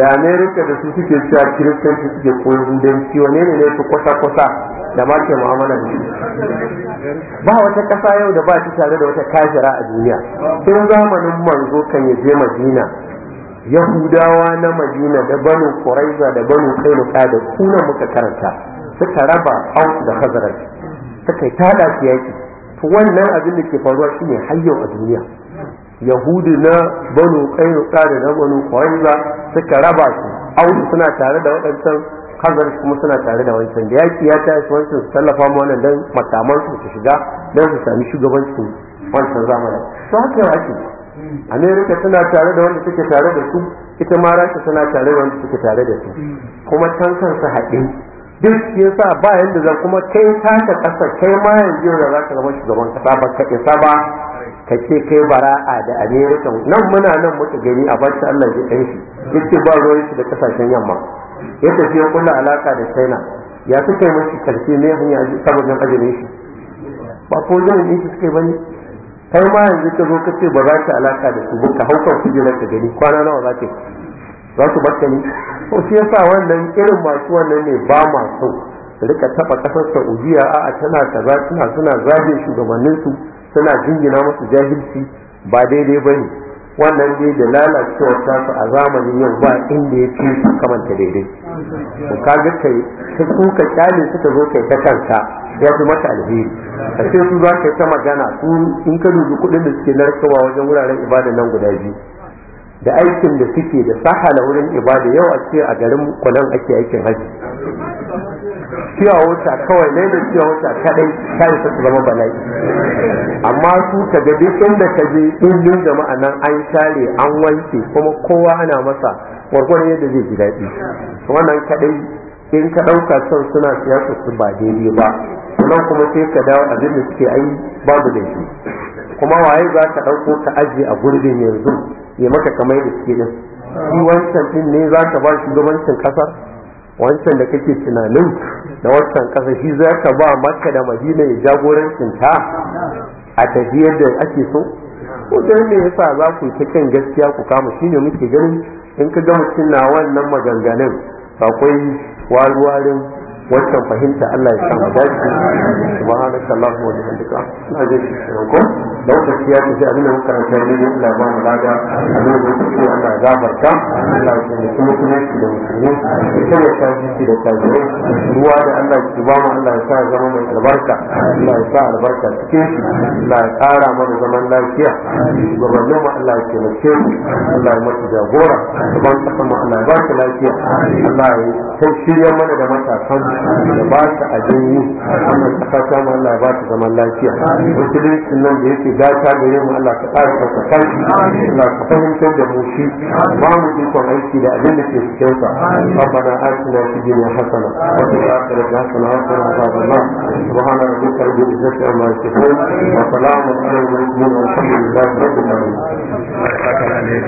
da amerika da su suke cewa kiristanci suke koyi hudun wane ne ne su kwasa-kwasa da ma ke mu'amala da ba wata ƙasa yau da ba ta tare da wata kafira a duniya tun zamanin manzo kan ya je madina yahudawa na madina da banu kuraiza da banu kainuka da kuna muka karanta suka raba aus da hazarar suka yi tada su yaki to wannan abin da ke faruwa shine hayyau a duniya yahudu na banu kainuka da na banu kwanza suka raba su audu suna tare da waɗancan kazar kuma suna tare da wancan da yaki ya tashi wancan su tallafa ma wannan dan makaman su shiga dan su sami shugabancin wancan zamanin to haka yake amerika tana tare da wanda suke tare da su ita ma rasha tana tare da wanda suke tare da su kuma can kansa haɗe duk sa, ba da za kuma kai taka kasa kai ma yanzu da za ka zama shugaban kasa ba ka isa ba ka ce kai bara a da amerika nan muna nan muka gani a bashi allah ya ɗan shi ce ba ruwan shi da kasashen yamma ya tafi kula alaka da china ya fi kai mashi karfi ne hanya sabon ajiye shi ba ko zan yi shi suka yi bane kai ma yanzu ka zo ka ce ba za ka alaka da su ba ka hauka na ka gani kwana nawa za ka za su bakka ni ko shi yasa wannan irin masu wannan ne ba ma so rika taba kasar Saudiya a'a tana kaza tana suna zage shugabannin su suna jingina musu jahilci ba daidai ba ne, wannan dai da lalacewar su a zamanin yau ba inda ya fi su kamanta daidai ka kaga kai ta kuka kyale suka zo kai ta kanka ya fi mata alheri a ce su za ka yi ta magana su in ka dubi kuɗin da suke narkarwa wajen wuraren ibada nan guda biyu da aikin da suke da saha na wurin ibada yau a ce a garin kwanan ake aikin haji cewa wuta kawai ne da cewa wuta kadai ta yi su zama bala'i amma su ka ga duk inda ka je ɗin jama'a nan an share an wanke kuma kowa ana masa gwargwaron yadda zai ji daɗi wannan kadai in ka ɗauka son suna siyasa su ba daidai ba nan kuma sai ka dawo abin da suke ai babu da shi kuma waye za ka ɗauko ka ajiye a gurbin yanzu ya maka kamar da suke din shi wancan din ne za ka ba shugabancin kasar wancan da kake tunanin na wancan kasa shi za ka ba maka da madina ya jagorancin ta a tafiyar da ake so ko dan me yasa za ku ta kan gaskiya ku kama Shi ne muke ganin in ka ga mutum na wannan maganganun akwai warwarin wancan fahimta Allah ya sa mu dace subhanaka wa lokaci ya tafi abin da muka karanta ne ne Allah ba mu lada abin da muka Allah ya zabarta Allah ya taimaki musulunci da musulmi ya taimaka kafirci da kafirai ruwa da Allah ya ba mu Allah ya sa zama mai albarka Allah ya sa albarka cikin shi Allah ya ƙara mana zaman lafiya shugabannin mu Allah ya taimake mu Allah ya mata jagora gaban ƙasar mu Allah ya ba ta lafiya Allah ya san shirya mana da matasan da ba ta ajin yi wannan ƙasa mu Allah ya ba ta zaman lafiya musulunci nan da yake gata gare mu Allah ka tsara ɗaukaka shi Allah ka fahimtar da mu shi ba mu ikon aiki da abin da ke cikin sa rabbana atina fid dunya hasana wa fil akhirati hasana wa qina adhaban nar subhana rabbika rabbil izzati amma yasifun wa salamun ala al mursalin walhamdulillahi rabbil alamin